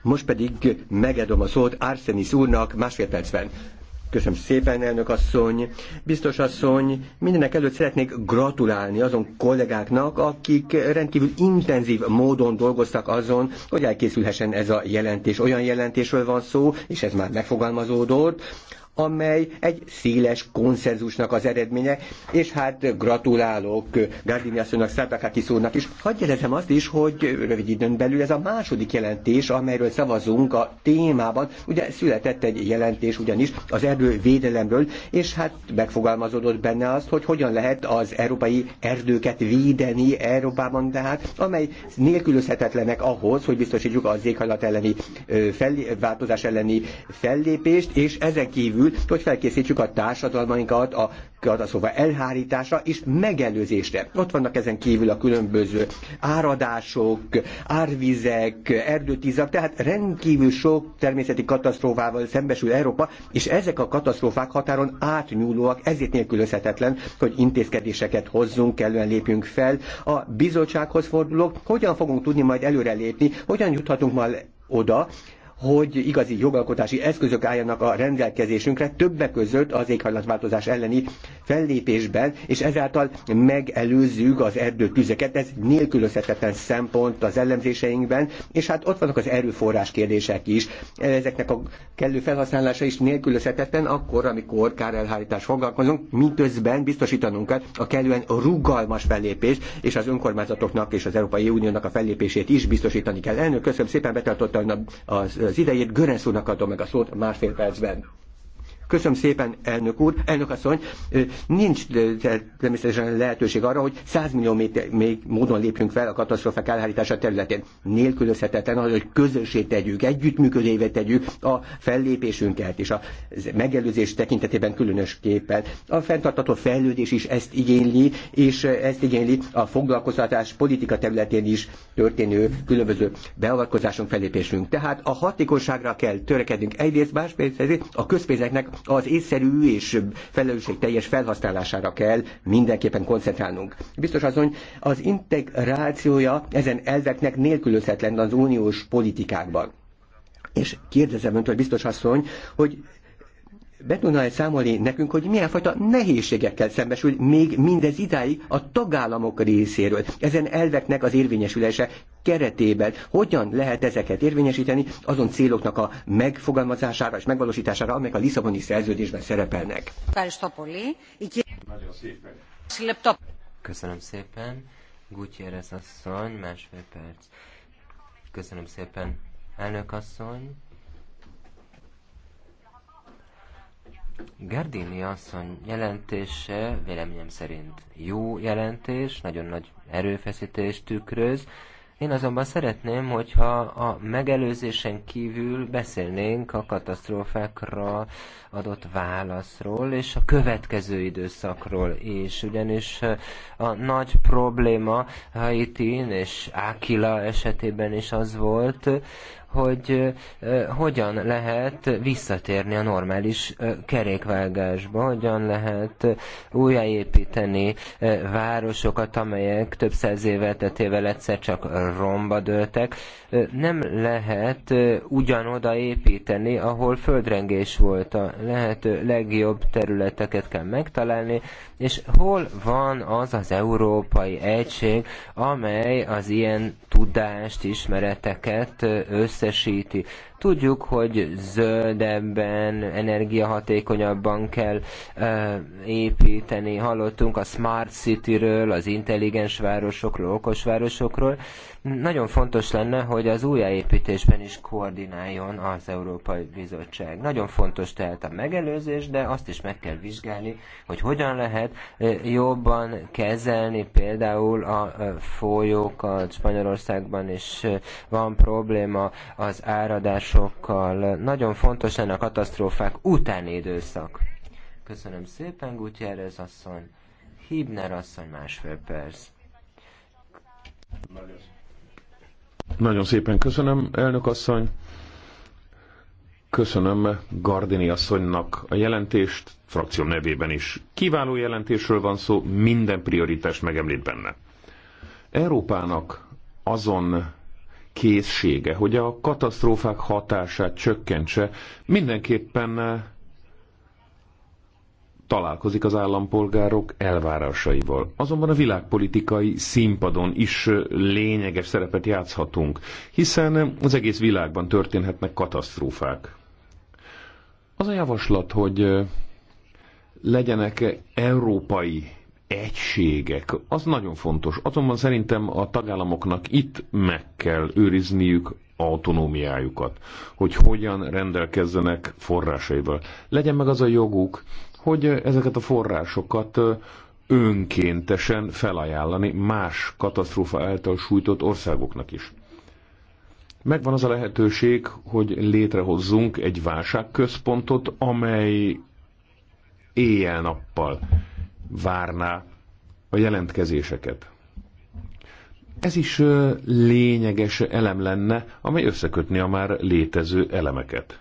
Most pedig megedom a szót Arsenis úrnak másfél percben. Köszönöm szépen, elnök asszony. Biztos asszony, mindenek előtt szeretnék gratulálni azon kollégáknak, akik rendkívül intenzív módon dolgoztak azon, hogy elkészülhessen ez a jelentés. Olyan jelentésről van szó, és ez már megfogalmazódott, amely egy széles konszenzusnak az eredménye, és hát gratulálok Gardini asszonynak, Szárbakakis is. Hadd jelezem azt is, hogy rövid időn belül ez a második jelentés, amelyről szavazunk a témában. Ugye született egy jelentés ugyanis az erdővédelemről, és hát megfogalmazódott benne azt, hogy hogyan lehet az európai erdőket védeni Európában, tehát amely nélkülözhetetlenek ahhoz, hogy biztosítjuk az éghajlat elleni fel, változás elleni fellépést, és ezen kívül kerül, hogy felkészítsük a társadalmainkat a katasztrófa elhárításra és megelőzésre. Ott vannak ezen kívül a különböző áradások, árvizek, erdőtízak, tehát rendkívül sok természeti katasztrófával szembesül Európa, és ezek a katasztrófák határon átnyúlóak, ezért nélkülözhetetlen, hogy intézkedéseket hozzunk, kellően lépjünk fel. A bizottsághoz fordulok, hogyan fogunk tudni majd előrelépni, hogyan juthatunk majd oda, hogy igazi jogalkotási eszközök álljanak a rendelkezésünkre, többek között az éghajlatváltozás elleni fellépésben, és ezáltal megelőzzük az erdőtüzeket. Ez nélkülözhetetlen szempont az ellenzéseinkben, és hát ott vannak az erőforrás kérdések is. Ezeknek a kellő felhasználása is nélkülözhetetlen akkor, amikor kárelhárítás foglalkozunk, miközben biztosítanunk kell a kellően rugalmas fellépést, és az önkormányzatoknak és az Európai Uniónak a fellépését is biztosítani kell. Elnök, köszönöm szépen, betartottam az az idejét Görensz úrnak adom meg a szót másfél percben. Köszönöm szépen, elnök úr, elnök asszony. Nincs természetesen lehetőség arra, hogy 100 millió méter még módon lépjünk fel a katasztrofák elhárítása területén. Nélkülözhetetlen az, hogy közössé tegyük, együttműködévé tegyük a fellépésünket és a megelőzés tekintetében különösképpen. A fenntartató fejlődés is ezt igényli, és ezt igényli a foglalkoztatás politika területén is történő különböző beavatkozásunk, fellépésünk. Tehát a hatékonyságra kell törekednünk egyrészt, másrészt a közpénzeknek az észszerű és felelősség teljes felhasználására kell mindenképpen koncentrálnunk. Biztos azon, az integrációja ezen elveknek nélkülözhetetlen az uniós politikákban. És kérdezem öntől, biztos asszony, hogy be tudná -e számolni nekünk, hogy milyen fajta nehézségekkel szembesül még mindez idáig a tagállamok részéről. Ezen elveknek az érvényesülése keretében hogyan lehet ezeket érvényesíteni azon céloknak a megfogalmazására és megvalósítására, amelyek a Lisszaboni szerződésben szerepelnek. Köszönöm szépen. Gutierrez asszony, másfél perc. Köszönöm szépen, elnök asszony. Gardini asszony jelentése véleményem szerint jó jelentés, nagyon nagy erőfeszítést tükröz. Én azonban szeretném, hogyha a megelőzésen kívül beszélnénk a katasztrófákra adott válaszról és a következő időszakról is, ugyanis eh, a nagy probléma Haitin és Ákila esetében is az volt, hogy hogyan lehet visszatérni a normális kerékvágásba, hogyan lehet újjáépíteni városokat, amelyek több száz éve tetével egyszer csak romba dőltek, nem lehet ugyanoda építeni, ahol földrengés volt. A lehető legjobb területeket kell megtalálni, és hol van az az európai egység, amely az ilyen tudást, ismereteket összesíti. Tudjuk, hogy zöldebben, energiahatékonyabban kell ö, építeni. Hallottunk a Smart City-ről, az intelligens városokról, okos városokról. Nagyon fontos lenne, hogy az újjáépítésben is koordináljon az Európai Bizottság. Nagyon fontos tehát a megelőzés, de azt is meg kell vizsgálni, hogy hogyan lehet jobban kezelni például a folyókat. Spanyolországban is van probléma az áradás katasztrófásokkal Nagyon fontos lenne a katasztrófák utáni időszak. Köszönöm szépen, Gutierrez asszony. Hibner asszony másfél perc. Nagyon szépen köszönöm, elnök asszony. Köszönöm Gardini asszonynak a jelentést, frakció nevében is. Kiváló jelentésről van szó, minden prioritást megemlít benne. Európának azon készsége, hogy a katasztrófák hatását csökkentse, mindenképpen eh, találkozik az állampolgárok elvárásaival. Azonban a világpolitikai színpadon is eh, lényeges szerepet játszhatunk, hiszen eh, az egész világban történhetnek katasztrófák. Az a javaslat, hogy legyenek európai egységek, az nagyon fontos. Azonban szerintem a tagállamoknak itt meg kell őrizniük autonómiájukat, hogy hogyan rendelkezzenek forrásaival. Legyen meg az a joguk, hogy ezeket a forrásokat önkéntesen felajánlani más katasztrófa által sújtott országoknak is. Megvan az a lehetőség, hogy létrehozzunk egy válságközpontot, amely éjjel-nappal várná a jelentkezéseket. Ez is lényeges elem lenne, amely összekötni a már létező elemeket.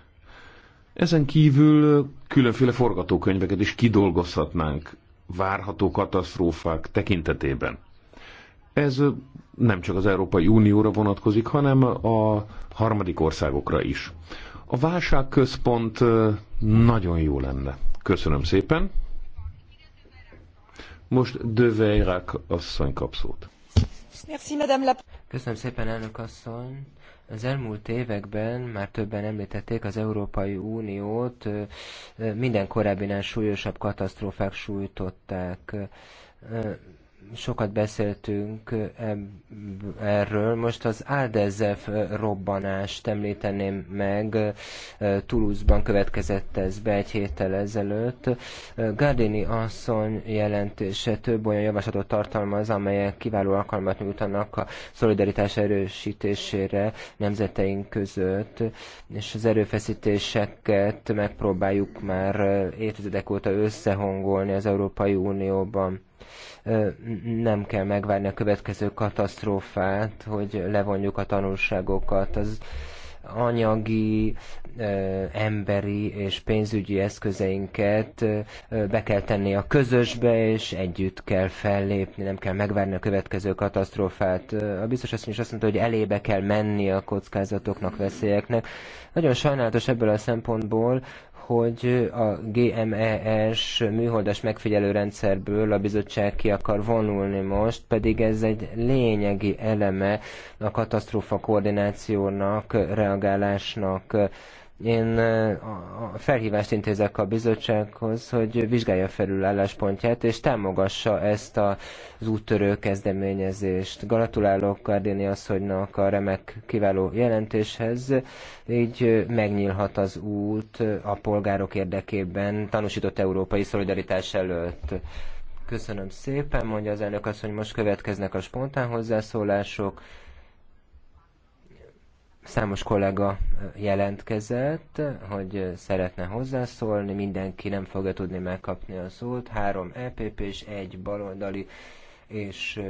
Ezen kívül különféle forgatókönyveket is kidolgozhatnánk várható katasztrófák tekintetében. Ez nem csak az Európai Unióra vonatkozik, hanem a harmadik országokra is. A válságközpont nagyon jó lenne. Köszönöm szépen. Most Döveirák asszony kap szót. Köszönöm szépen, elnök asszony. Az elmúlt években már többen említették az Európai Uniót, minden korábbinál súlyosabb katasztrófák sújtották sokat beszéltünk erről. Most az Áldezef robbanást említeném meg. Toulouse-ban következett ez be egy héttel ezelőtt. Gardini asszony jelentése több olyan javaslatot tartalmaz, amelyek kiváló alkalmat nyújtanak a szolidaritás erősítésére nemzeteink között, és az erőfeszítéseket megpróbáljuk már évtizedek óta összehangolni az Európai Unióban nem kell megvárni a következő katasztrófát, hogy levonjuk a tanulságokat. Az anyagi, emberi és pénzügyi eszközeinket be kell tenni a közösbe, és együtt kell fellépni, nem kell megvárni a következő katasztrófát. A biztos asszony is azt mondta, hogy elébe kell menni a kockázatoknak, veszélyeknek. Nagyon sajnálatos ebből a szempontból, hogy a GMES műholdas megfigyelő rendszerből a bizottság ki akar vonulni most, pedig ez egy lényegi eleme a katasztrófa koordinációnak, reagálásnak, én a felhívást intézek a bizottsághoz, hogy vizsgálja felül álláspontját, és támogassa ezt az úttörő kezdeményezést. Gratulálok Gardini asszonynak a remek, kiváló jelentéshez. Így megnyílhat az út a polgárok érdekében tanúsított európai szolidaritás előtt. Köszönöm szépen, mondja az elnök asszony, most következnek a spontán hozzászólások. Számos kollega jelentkezett, hogy szeretne hozzászólni, mindenki nem fogja tudni megkapni a szót. Három EPP és egy baloldali és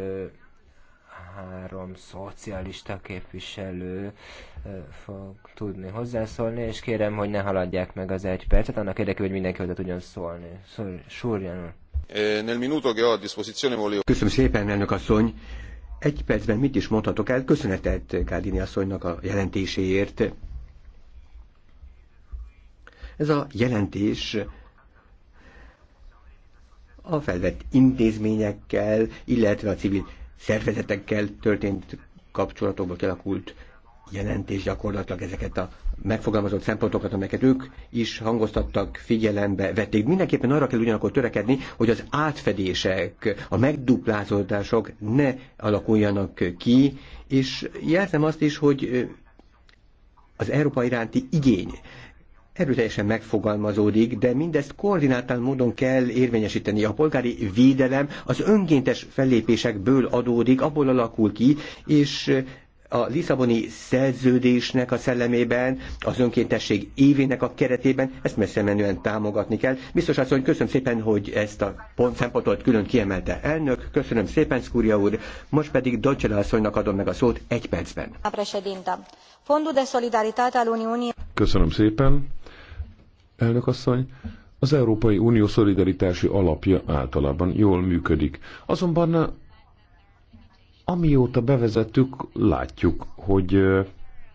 három szocialista képviselő fog tudni hozzászólni, és kérem, hogy ne haladják meg az egy percet, annak érdekében, hogy mindenki hozzá tudjon szólni. Súrjan úr. Eh, Köszönöm szépen, elnök asszony egy percben mit is mondhatok el? Köszönetet Kádini asszonynak a jelentéséért. Ez a jelentés a felvett intézményekkel, illetve a civil szervezetekkel történt kapcsolatokba kialakult jelentés gyakorlatilag ezeket a megfogalmazott szempontokat, amelyeket ők is hangoztattak, figyelembe vették. Mindenképpen arra kell ugyanakkor törekedni, hogy az átfedések, a megduplázódások ne alakuljanak ki, és jelzem azt is, hogy az Európa iránti igény erőteljesen megfogalmazódik, de mindezt koordináltan módon kell érvényesíteni. A polgári védelem az önkéntes fellépésekből adódik, abból alakul ki, és a Lisszaboni szerződésnek a szellemében, az önkéntesség évének a keretében ezt messze menően támogatni kell. Biztos azt hogy köszönöm szépen, hogy ezt a pont szempontot külön kiemelte elnök. Köszönöm szépen, Szkúria úr. Most pedig Dolcsele asszonynak adom meg a szót egy percben. Köszönöm szépen, elnök asszony. Az Európai Unió szolidaritási alapja általában jól működik. Azonban Amióta bevezettük, látjuk, hogy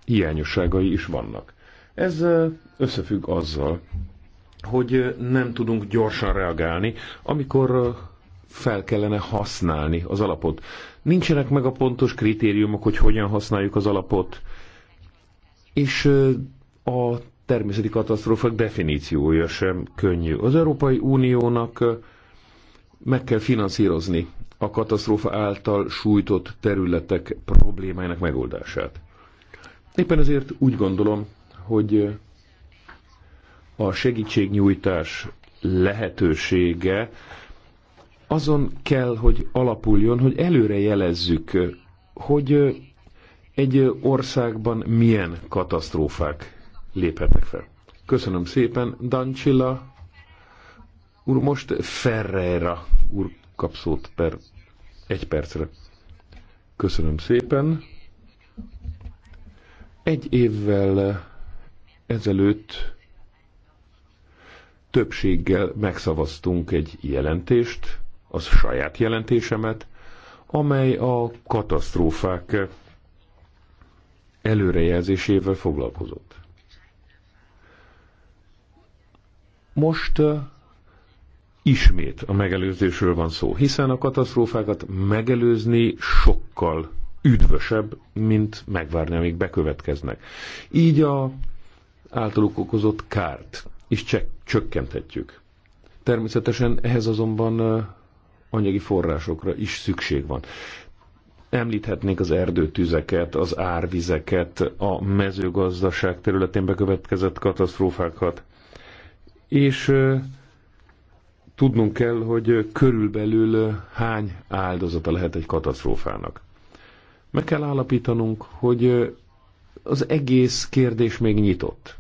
hiányosságai is vannak. Ez összefügg azzal, hogy nem tudunk gyorsan reagálni, amikor fel kellene használni az alapot. Nincsenek meg a pontos kritériumok, hogy hogyan használjuk az alapot, és a természeti katasztrófák definíciója sem könnyű. Az Európai Uniónak meg kell finanszírozni a katasztrófa által sújtott területek problémájának megoldását. Éppen ezért úgy gondolom, hogy a segítségnyújtás lehetősége azon kell, hogy alapuljon, hogy előre jelezzük, hogy egy országban milyen katasztrófák léphetnek fel. Köszönöm szépen, Dancsilla úr, most Ferreira úr kap szót per egy percre. Köszönöm szépen. Egy évvel ezelőtt többséggel megszavaztunk egy jelentést, az saját jelentésemet, amely a katasztrófák előrejelzésével foglalkozott. Most ismét a megelőzésről van szó, hiszen a katasztrófákat megelőzni sokkal üdvösebb, mint megvárni, amíg bekövetkeznek. Így a általuk okozott kárt is csökkenthetjük. Természetesen ehhez azonban anyagi forrásokra is szükség van. Említhetnénk az erdőtüzeket, az árvizeket, a mezőgazdaság területén bekövetkezett katasztrófákat, és tudnunk kell, hogy körülbelül hány áldozata lehet egy katasztrófának. Meg kell állapítanunk, hogy az egész kérdés még nyitott.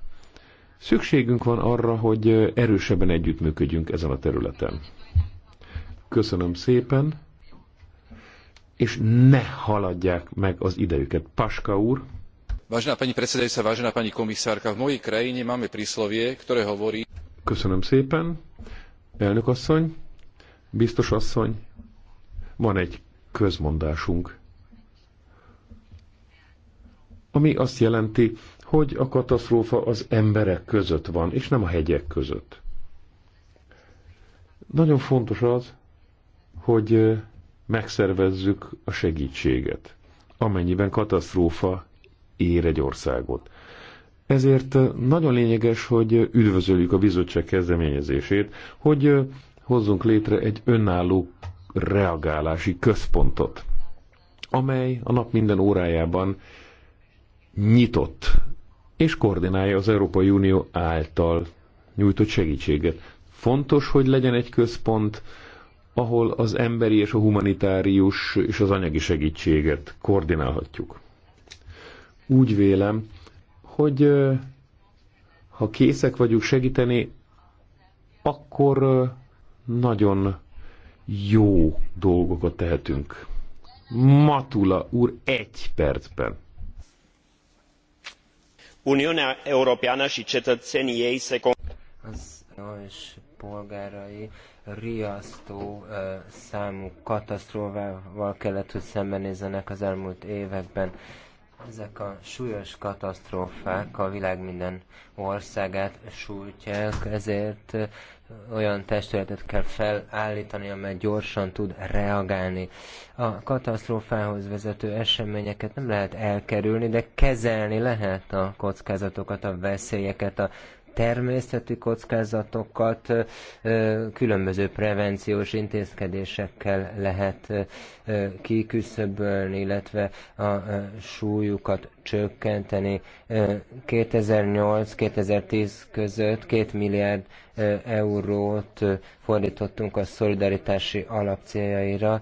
Szükségünk van arra, hogy erősebben együttműködjünk ezen a területen. Köszönöm szépen, és ne haladják meg az idejüket. Paska úr. Vážená pani predsedajúca, vážená pani komisárka, v mojej krajine máme príslovie, ktoré hovorí... Köszönöm szépen. Elnökasszony, asszony, biztos asszony, van egy közmondásunk, ami azt jelenti, hogy a katasztrófa az emberek között van, és nem a hegyek között. Nagyon fontos az, hogy megszervezzük a segítséget, amennyiben katasztrófa ér egy országot. Ezért nagyon lényeges, hogy üdvözöljük a bizottság kezdeményezését, hogy hozzunk létre egy önálló reagálási központot, amely a nap minden órájában nyitott és koordinálja az Európai Unió által nyújtott segítséget. Fontos, hogy legyen egy központ, ahol az emberi és a humanitárius és az anyagi segítséget koordinálhatjuk. Úgy vélem, hogy ha készek vagyunk segíteni, akkor nagyon jó dolgokat tehetünk. Matula úr, egy percben. Uniunea Europeană și cetățenii ei se Az és polgárai riasztó számú katasztrófával kellett, hogy szembenézzenek az elmúlt években ezek a súlyos katasztrófák a világ minden országát sújtják, ezért olyan testületet kell felállítani, amely gyorsan tud reagálni. A katasztrófához vezető eseményeket nem lehet elkerülni, de kezelni lehet a kockázatokat, a veszélyeket, a természeti kockázatokat különböző prevenciós intézkedésekkel lehet kiküszöbölni, illetve a súlyukat csökkenteni. 2008-2010 között 2 milliárd eurót fordítottunk a szolidaritási alap céljaira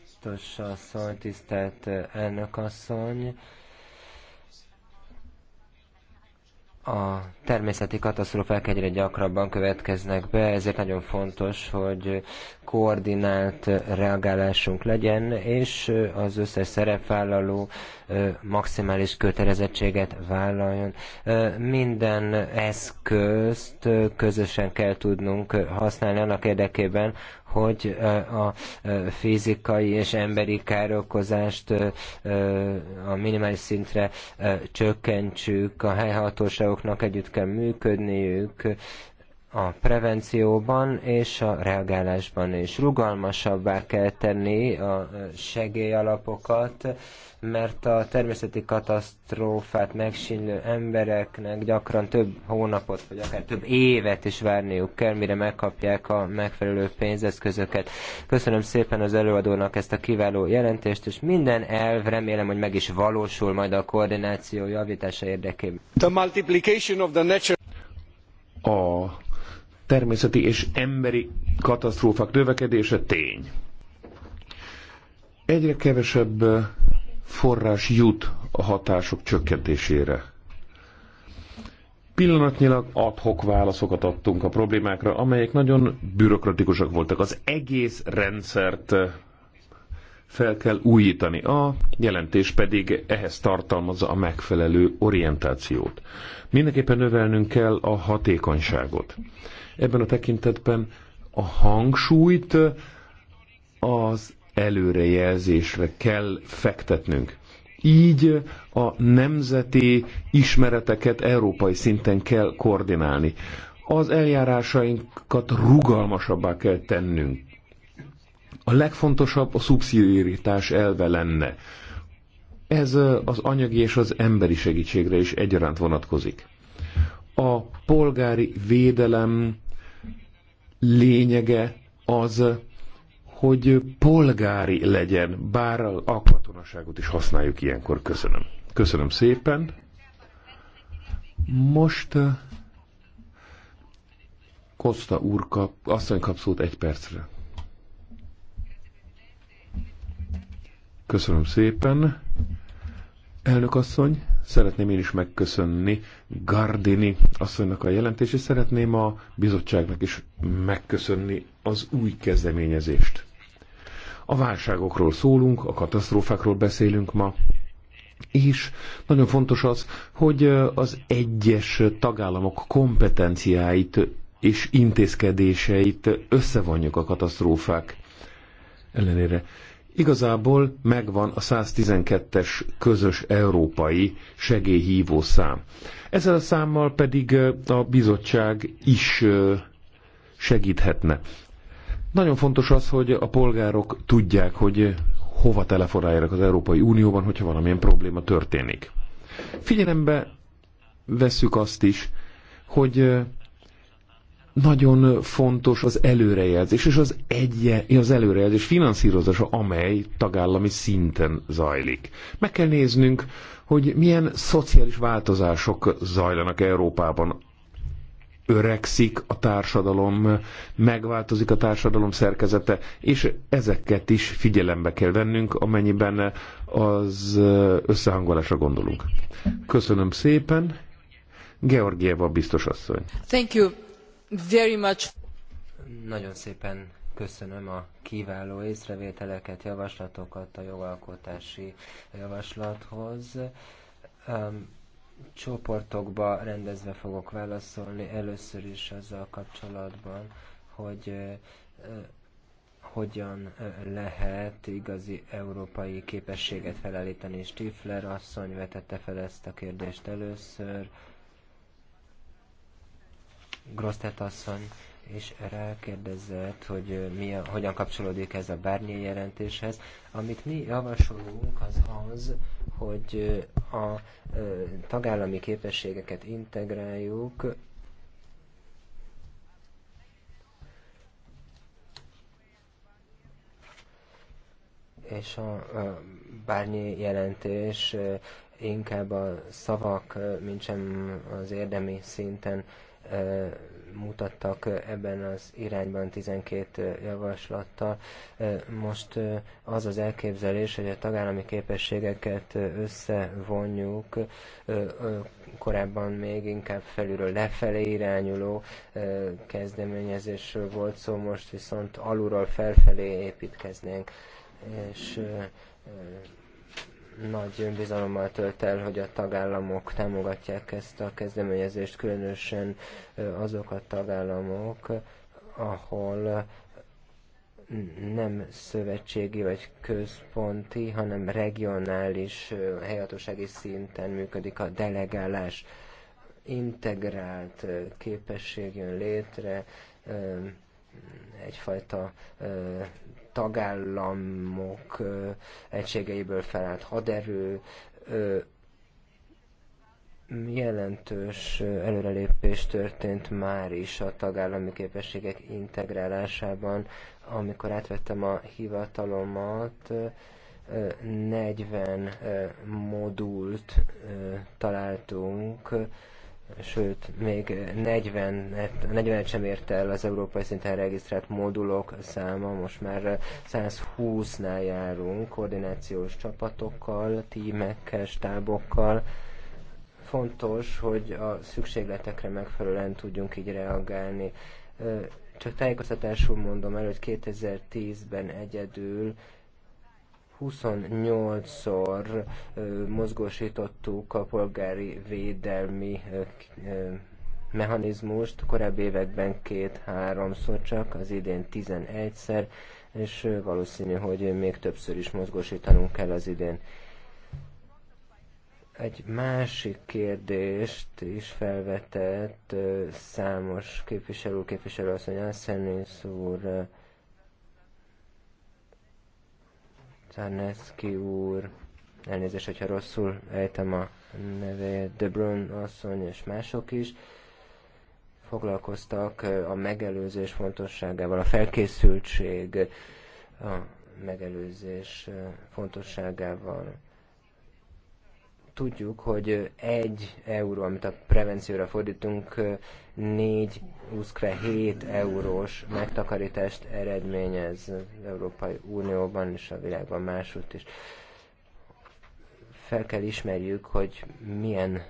biztos asszony, tisztelt eh, elnök asszony. A természeti katasztrófák egyre gyakrabban következnek be, ezért nagyon fontos, hogy koordinált eh, reagálásunk legyen, és eh, az összes szerepvállaló maximális kötelezettséget vállaljon. Minden eszközt közösen kell tudnunk használni annak érdekében, hogy a fizikai és emberi károkozást a minimális szintre csökkentsük, a helyhatóságoknak együtt kell működniük, a prevencióban és a reagálásban is. Rugalmasabbá kell tenni a segélyalapokat, mert a természeti katasztrófát megsínlő embereknek gyakran több hónapot, vagy akár több évet is várniuk kell, mire megkapják a megfelelő pénzeszközöket. Köszönöm szépen az előadónak ezt a kiváló jelentést, és minden elv remélem, hogy meg is valósul majd a koordináció javítása érdekében. The multiplication of the natural a természeti és emberi katasztrófák növekedése tény. Egyre kevesebb forrás jut a hatások csökkentésére. Pillanatnyilag adhok válaszokat adtunk a problémákra, amelyek nagyon bürokratikusak voltak. Az egész rendszert fel kell újítani. A jelentés pedig ehhez tartalmazza a megfelelő orientációt. Mindenképpen növelnünk kell a hatékonyságot ebben a tekintetben a hangsúlyt az előrejelzésre kell fektetnünk. Így a nemzeti ismereteket európai szinten kell koordinálni. Az eljárásainkat rugalmasabbá kell tennünk. A legfontosabb a szubszidiaritás elve lenne. Ez az anyagi és az emberi segítségre is egyaránt vonatkozik. A polgári védelem lényege az, hogy polgári legyen, bár a katonaságot is használjuk ilyenkor. Köszönöm. Köszönöm szépen. Most Kosta uh, úr kap, asszony kap szót egy percre. Köszönöm szépen. Elnök asszony. Szeretném én is megköszönni Gardini asszonynak a jelentést, és szeretném a bizottságnak is megköszönni az új kezdeményezést. A válságokról szólunk, a katasztrófákról beszélünk ma, és nagyon fontos az, hogy az egyes tagállamok kompetenciáit és intézkedéseit összevonjuk a katasztrófák ellenére. Igazából megvan a 112-es közös európai segélyhívó szám. Ezzel a számmal pedig a bizottság is segíthetne. Nagyon fontos az, hogy a polgárok tudják, hogy hova telefonáljanak az Európai Unióban, hogyha valamilyen probléma történik. Figyelembe vesszük azt is, hogy nagyon fontos az előrejelzés, és az, egye, az előrejelzés finanszírozása, amely tagállami szinten zajlik. Meg kell néznünk, hogy milyen szociális változások zajlanak Európában. Öregszik a társadalom, megváltozik a társadalom szerkezete, és ezeket is figyelembe kell vennünk, amennyiben az összehangolásra gondolunk. Köszönöm szépen. Georgieva biztos asszony. Thank you very much. Nagyon szépen köszönöm a kiváló észrevételeket, javaslatokat a jogalkotási javaslathoz. Um, csoportokba rendezve fogok válaszolni, először is azzal kapcsolatban, hogy hogyan lehet igazi európai képességet felállítani. Stifler asszony vetette fel ezt a kérdést először, Grosztet asszony és rákérdezett, hogy mi a, hogyan kapcsolódik ez a Barnier jelentéshez. Amit mi javasolunk az az, hogy a tagállami képességeket integráljuk, és a bárnyi jelentés inkább a szavak, mint sem az érdemi szinten mutattak ebben az irányban 12 javaslattal. Most az az elképzelés, hogy a tagállami képességeket összevonjuk korábban még inkább felülről lefelé irányuló kezdeményezésről volt szó, most viszont alulról felfelé építkeznénk. És nagy önbizalommal tölt el, hogy a tagállamok támogatják ezt a kezdeményezést, különösen azok a tagállamok, ahol nem szövetségi vagy központi, hanem regionális helyhatósági szinten működik a delegálás. Integrált képesség jön létre, egyfajta tagállamok egységeiből felállt haderő jelentős előrelépés történt már is a tagállami képességek integrálásában. Amikor átvettem a hivatalomat, 40 modult találtunk sőt, még 40, 40 sem ért el az európai szinten regisztrált modulok száma, most már 120-nál járunk koordinációs csapatokkal, tímekkel, stábokkal. Fontos, hogy a szükségletekre megfelelően tudjunk így reagálni. Csak tájékoztatásul mondom el, hogy 2010-ben egyedül 28-szor mozgósítottuk a polgári védelmi mechanizmust, korábbi években két-háromszor csak, az idén 11-szer, és valószínű, hogy még többször is mozgósítanunk kell az idén. Egy másik kérdést is felvetett számos képviselő, képviselő mondja, Aszenész úr, Czarnecki úr, elnézést, hogyha rosszul ejtem a nevét, De Bruyne asszony és mások is, foglalkoztak a megelőzés fontosságával, a felkészültség a megelőzés fontosságával tudjuk, hogy egy euró, amit a prevencióra fordítunk, 4 27 eurós megtakarítást eredményez az Európai Unióban és a világban másút is. Fel kell ismerjük, hogy milyen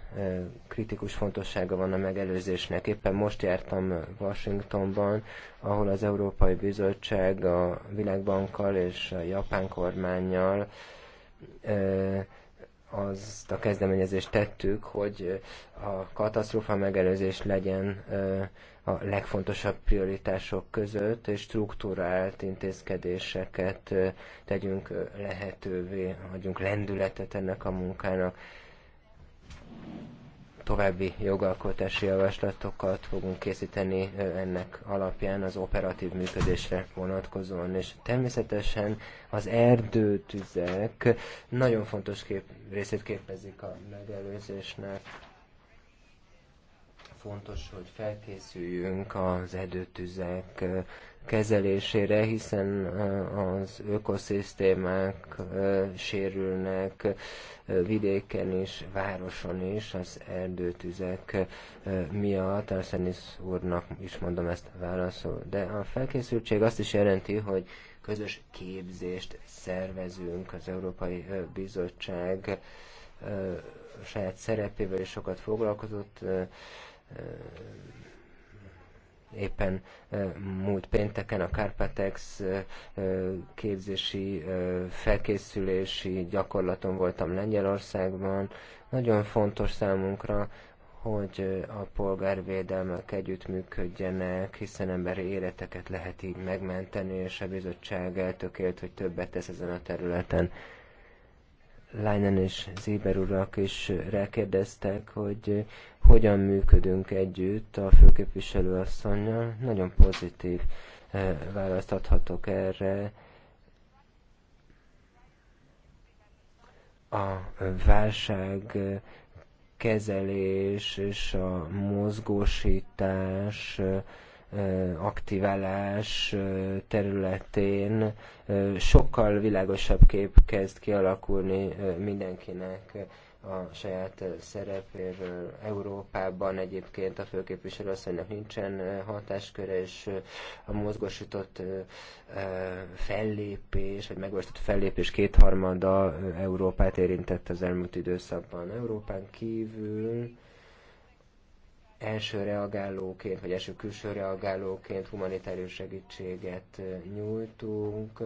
kritikus fontossága van a megelőzésnek. Éppen most jártam Washingtonban, ahol az Európai Bizottság a Világbankkal és a Japán kormányjal azt a kezdeményezést tettük, hogy a katasztrófa megelőzés legyen a legfontosabb prioritások között, és struktúrált intézkedéseket tegyünk lehetővé, adjunk lendületet ennek a munkának további jogalkotási javaslatokat fogunk készíteni ennek alapján az operatív működésre vonatkozóan, és természetesen az erdőtüzek nagyon fontos kép, részét képezik a megelőzésnek. Fontos, hogy felkészüljünk az erdőtüzek kezelésére, hiszen eh, az ökoszisztémák eh, sérülnek eh, vidéken is, városon is, az erdőtüzek miatt. Arsenis úrnak is mondom ezt válaszol. De a felkészültség azt is jelenti, hogy közös képzést szervezünk az Európai Bizottság saját szerepével is sokat foglalkozott, éppen múlt pénteken a Carpatex képzési, felkészülési gyakorlaton voltam Lengyelországban. Nagyon fontos számunkra, hogy a polgárvédelmek együttműködjenek, hiszen emberi életeket lehet így megmenteni, és a bizottság eltökélt, hogy többet tesz ezen a területen. Leinen és Zéber urak is rákérdeztek, hogy hogyan működünk együtt a főképviselő asszonynal. Nagyon pozitív eh, választ adhatok erre. A válság eh, kezelés és a mozgósítás eh, aktiválás területén sokkal világosabb kép kezd kialakulni mindenkinek a saját szerepéről. Európában egyébként a főképviselő asszonynak nincsen hatásköre, és a mozgósított fellépés, vagy megvalósított fellépés kétharmada Európát érintett az elmúlt időszakban. Európán kívül első reagálóként, vagy első külső reagálóként humanitárius segítséget nyújtunk,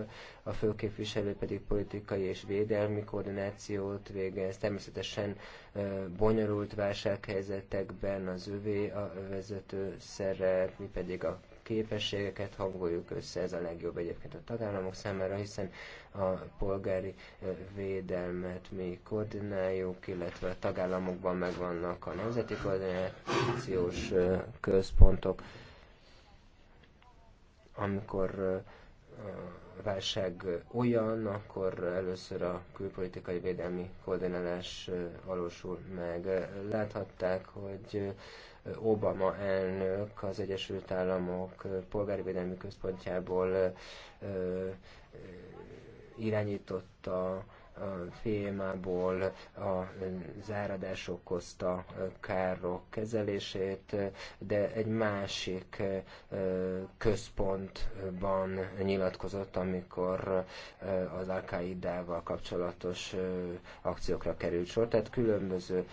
a főképviselő pedig politikai és védelmi koordinációt végez, természetesen bonyolult válsághelyzetekben az övé a vezető szerep, mi pedig a képességeket hangoljuk össze, ez a legjobb egyébként a tagállamok számára, hiszen a polgári védelmet mi koordináljuk, illetve a tagállamokban megvannak a nemzeti koordinációs központok, amikor válság olyan, akkor először a külpolitikai védelmi koordinálás valósul meg. Láthatták, hogy Obama elnök az Egyesült Államok polgári védelmi központjából irányította a PMA-ból az okozta károk kezelését, de egy másik központban nyilatkozott, amikor az al kapcsolatos akciókra került sor. Tehát különböző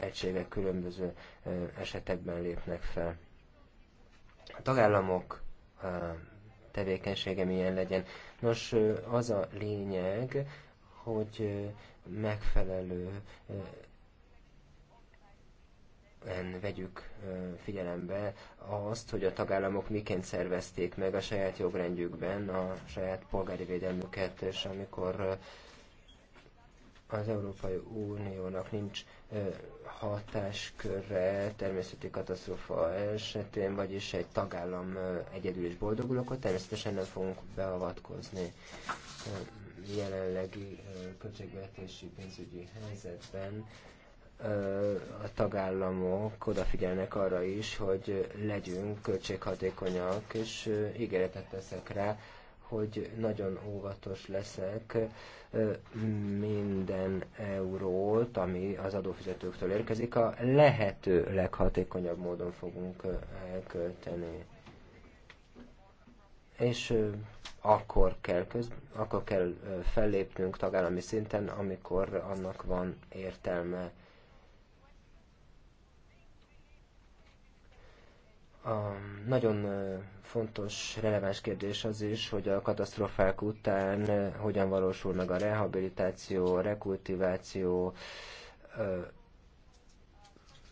egységek különböző esetekben lépnek fel. A tagállamok tevékenysége milyen legyen. Nos, az a lényeg, hogy megfelelő vegyük figyelembe azt, hogy a tagállamok miként szervezték meg a saját jogrendjükben a saját polgári védelmüket, és amikor az Európai Uniónak nincs hatáskörre természeti katasztrófa esetén, vagyis egy tagállam egyedül is boldogul, akkor természetesen nem fogunk beavatkozni jelenlegi költségvetési pénzügyi helyzetben a tagállamok odafigyelnek arra is, hogy legyünk költséghatékonyak, és ígéretet teszek rá, hogy nagyon óvatos leszek minden eurót, ami az adófizetőktől érkezik, a lehető leghatékonyabb módon fogunk elkölteni és akkor kell, köz, akkor kell fellépnünk tagállami szinten, amikor annak van értelme. A nagyon fontos, releváns kérdés az is, hogy a katasztrofák után hogyan valósul meg a rehabilitáció, rekultiváció,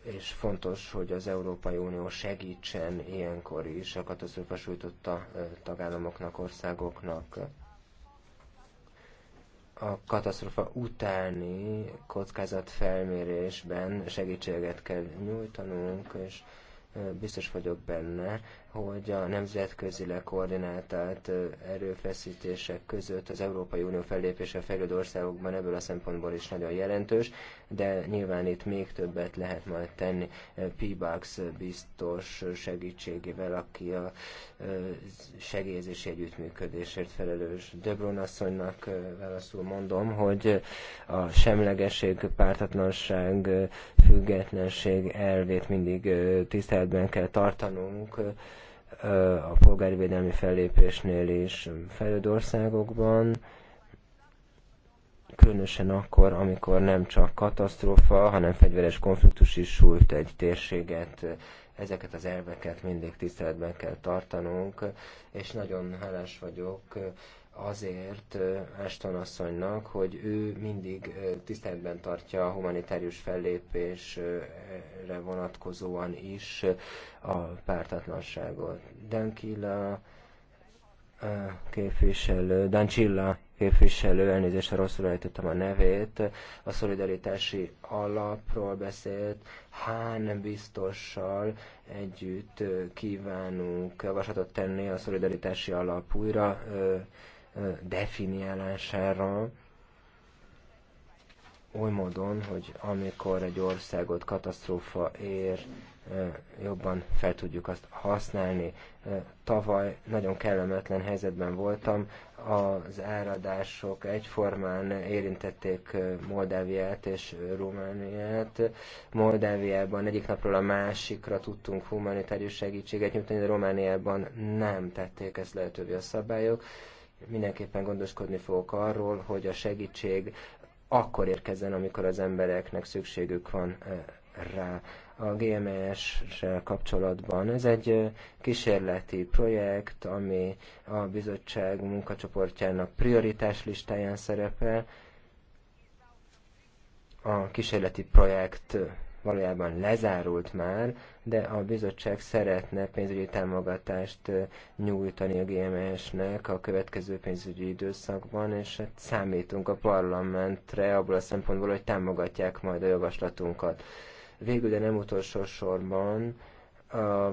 és fontos, hogy az Európai Unió segítsen ilyenkor is a katasztrófa sújtotta tagállamoknak, országoknak. A katasztrófa utáni kockázatfelmérésben segítséget kell nyújtanunk, és biztos vagyok benne, hogy a nemzetközileg koordinált erőfeszítések között az Európai Unió fellépése a fejlődő országokban ebből a szempontból is nagyon jelentős, de nyilván itt még többet lehet majd tenni p biztos segítségével, aki a segélyezési együttműködésért felelős. Debron asszonynak válaszul mondom, hogy a semlegesség, pártatlanság, függetlenség elvét mindig tiszteletben kell tartanunk, a polgári védelmi fellépésnél is fejlődő országokban, különösen akkor, amikor nem csak katasztrófa, hanem fegyveres konfliktus is sújt egy térséget, ezeket az elveket mindig tiszteletben kell tartanunk, és nagyon hálás vagyok azért Ashton asszonynak, hogy ő mindig tiszteletben tartja a humanitárius fellépésre vonatkozóan is a pártatlanságot. Dankila képviselő, Dancilla képviselő, elnézést, rosszul ejtettem a nevét, a szolidaritási alapról beszélt, Hán biztossal együtt kívánunk javaslatot tenni a szolidaritási alap újra definiálására, oly módon, hogy amikor egy országot katasztrófa ér, jobban fel tudjuk azt használni. Tavaly nagyon kellemetlen helyzetben voltam, az áradások egyformán érintették Moldáviát és Romániát. Moldáviában egyik napról a másikra tudtunk humanitárius segítséget nyújtani, de Romániában nem tették ezt lehetővé a szabályok mindenképpen gondoskodni fogok arról, hogy a segítség akkor érkezzen, amikor az embereknek szükségük van eh, rá. A GMS-sel kapcsolatban ez egy eh, kísérleti projekt, ami a bizottság munkacsoportjának prioritás listáján szerepel. A kísérleti projekt eh, valójában lezárult már, de a bizottság szeretne pénzügyi támogatást nyújtani a GMS-nek a következő pénzügyi időszakban, és hát számítunk a parlamentre abból a szempontból, hogy támogatják majd a javaslatunkat. Végül, de nem utolsó sorban, a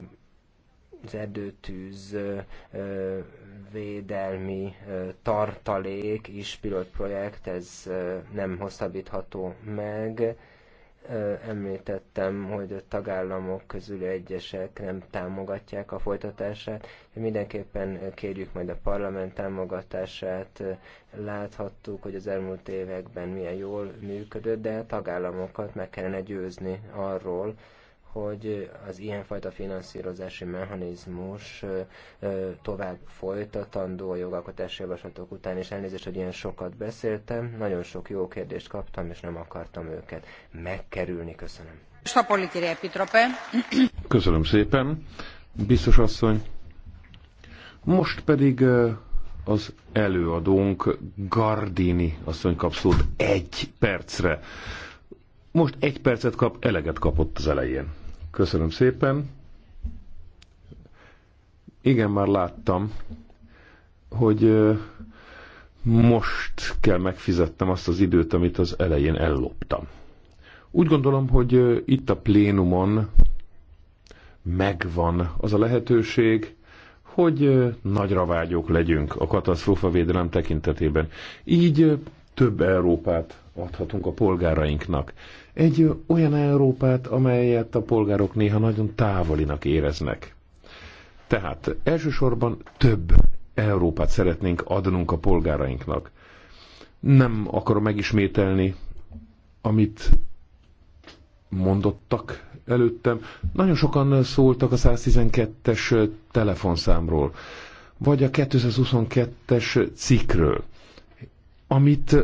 az erdőtűz védelmi tartalék is pilotprojekt, ez nem hosszabbítható meg említettem, hogy a tagállamok közül egyesek nem támogatják a folytatását. Mindenképpen kérjük majd a parlament támogatását. Láthattuk, hogy az elmúlt években milyen jól működött, de a tagállamokat meg kellene győzni arról, hogy az ilyenfajta finanszírozási mechanizmus tovább folytatandó a jogalkotási javaslatok után, és elnézést, hogy ilyen sokat beszéltem, nagyon sok jó kérdést kaptam, és nem akartam őket megkerülni. Köszönöm. Köszönöm szépen, biztos asszony. Most pedig az előadónk Gardini asszony kap szót egy percre. Most egy percet kap, eleget kapott az elején. Köszönöm szépen. Igen, már láttam, hogy most kell megfizetnem azt az időt, amit az elején elloptam. Úgy gondolom, hogy itt a plénumon megvan az a lehetőség, hogy nagyra vágyók legyünk a katasztrófavédelem tekintetében. Így több Európát adhatunk a polgárainknak. Egy olyan Európát, amelyet a polgárok néha nagyon távolinak éreznek. Tehát elsősorban több Európát szeretnénk adnunk a polgárainknak. Nem akarom megismételni, amit mondottak előttem. Nagyon sokan szóltak a 112-es telefonszámról, vagy a 222-es cikkről amit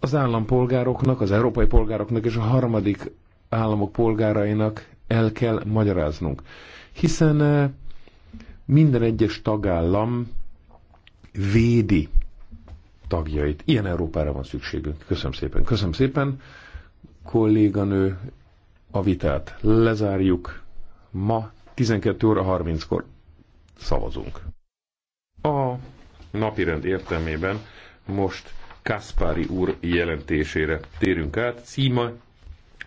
az állampolgároknak, az európai polgároknak és a harmadik államok polgárainak el kell magyaráznunk. Hiszen eh, minden egyes tagállam védi tagjait. Ilyen Európára van szükségünk. Köszönöm szépen. Köszönöm szépen, kolléganő, a vitát lezárjuk. Ma 12 óra 30-kor szavazunk. A napirend értelmében most Kaspari úr jelentésére térünk át. Címa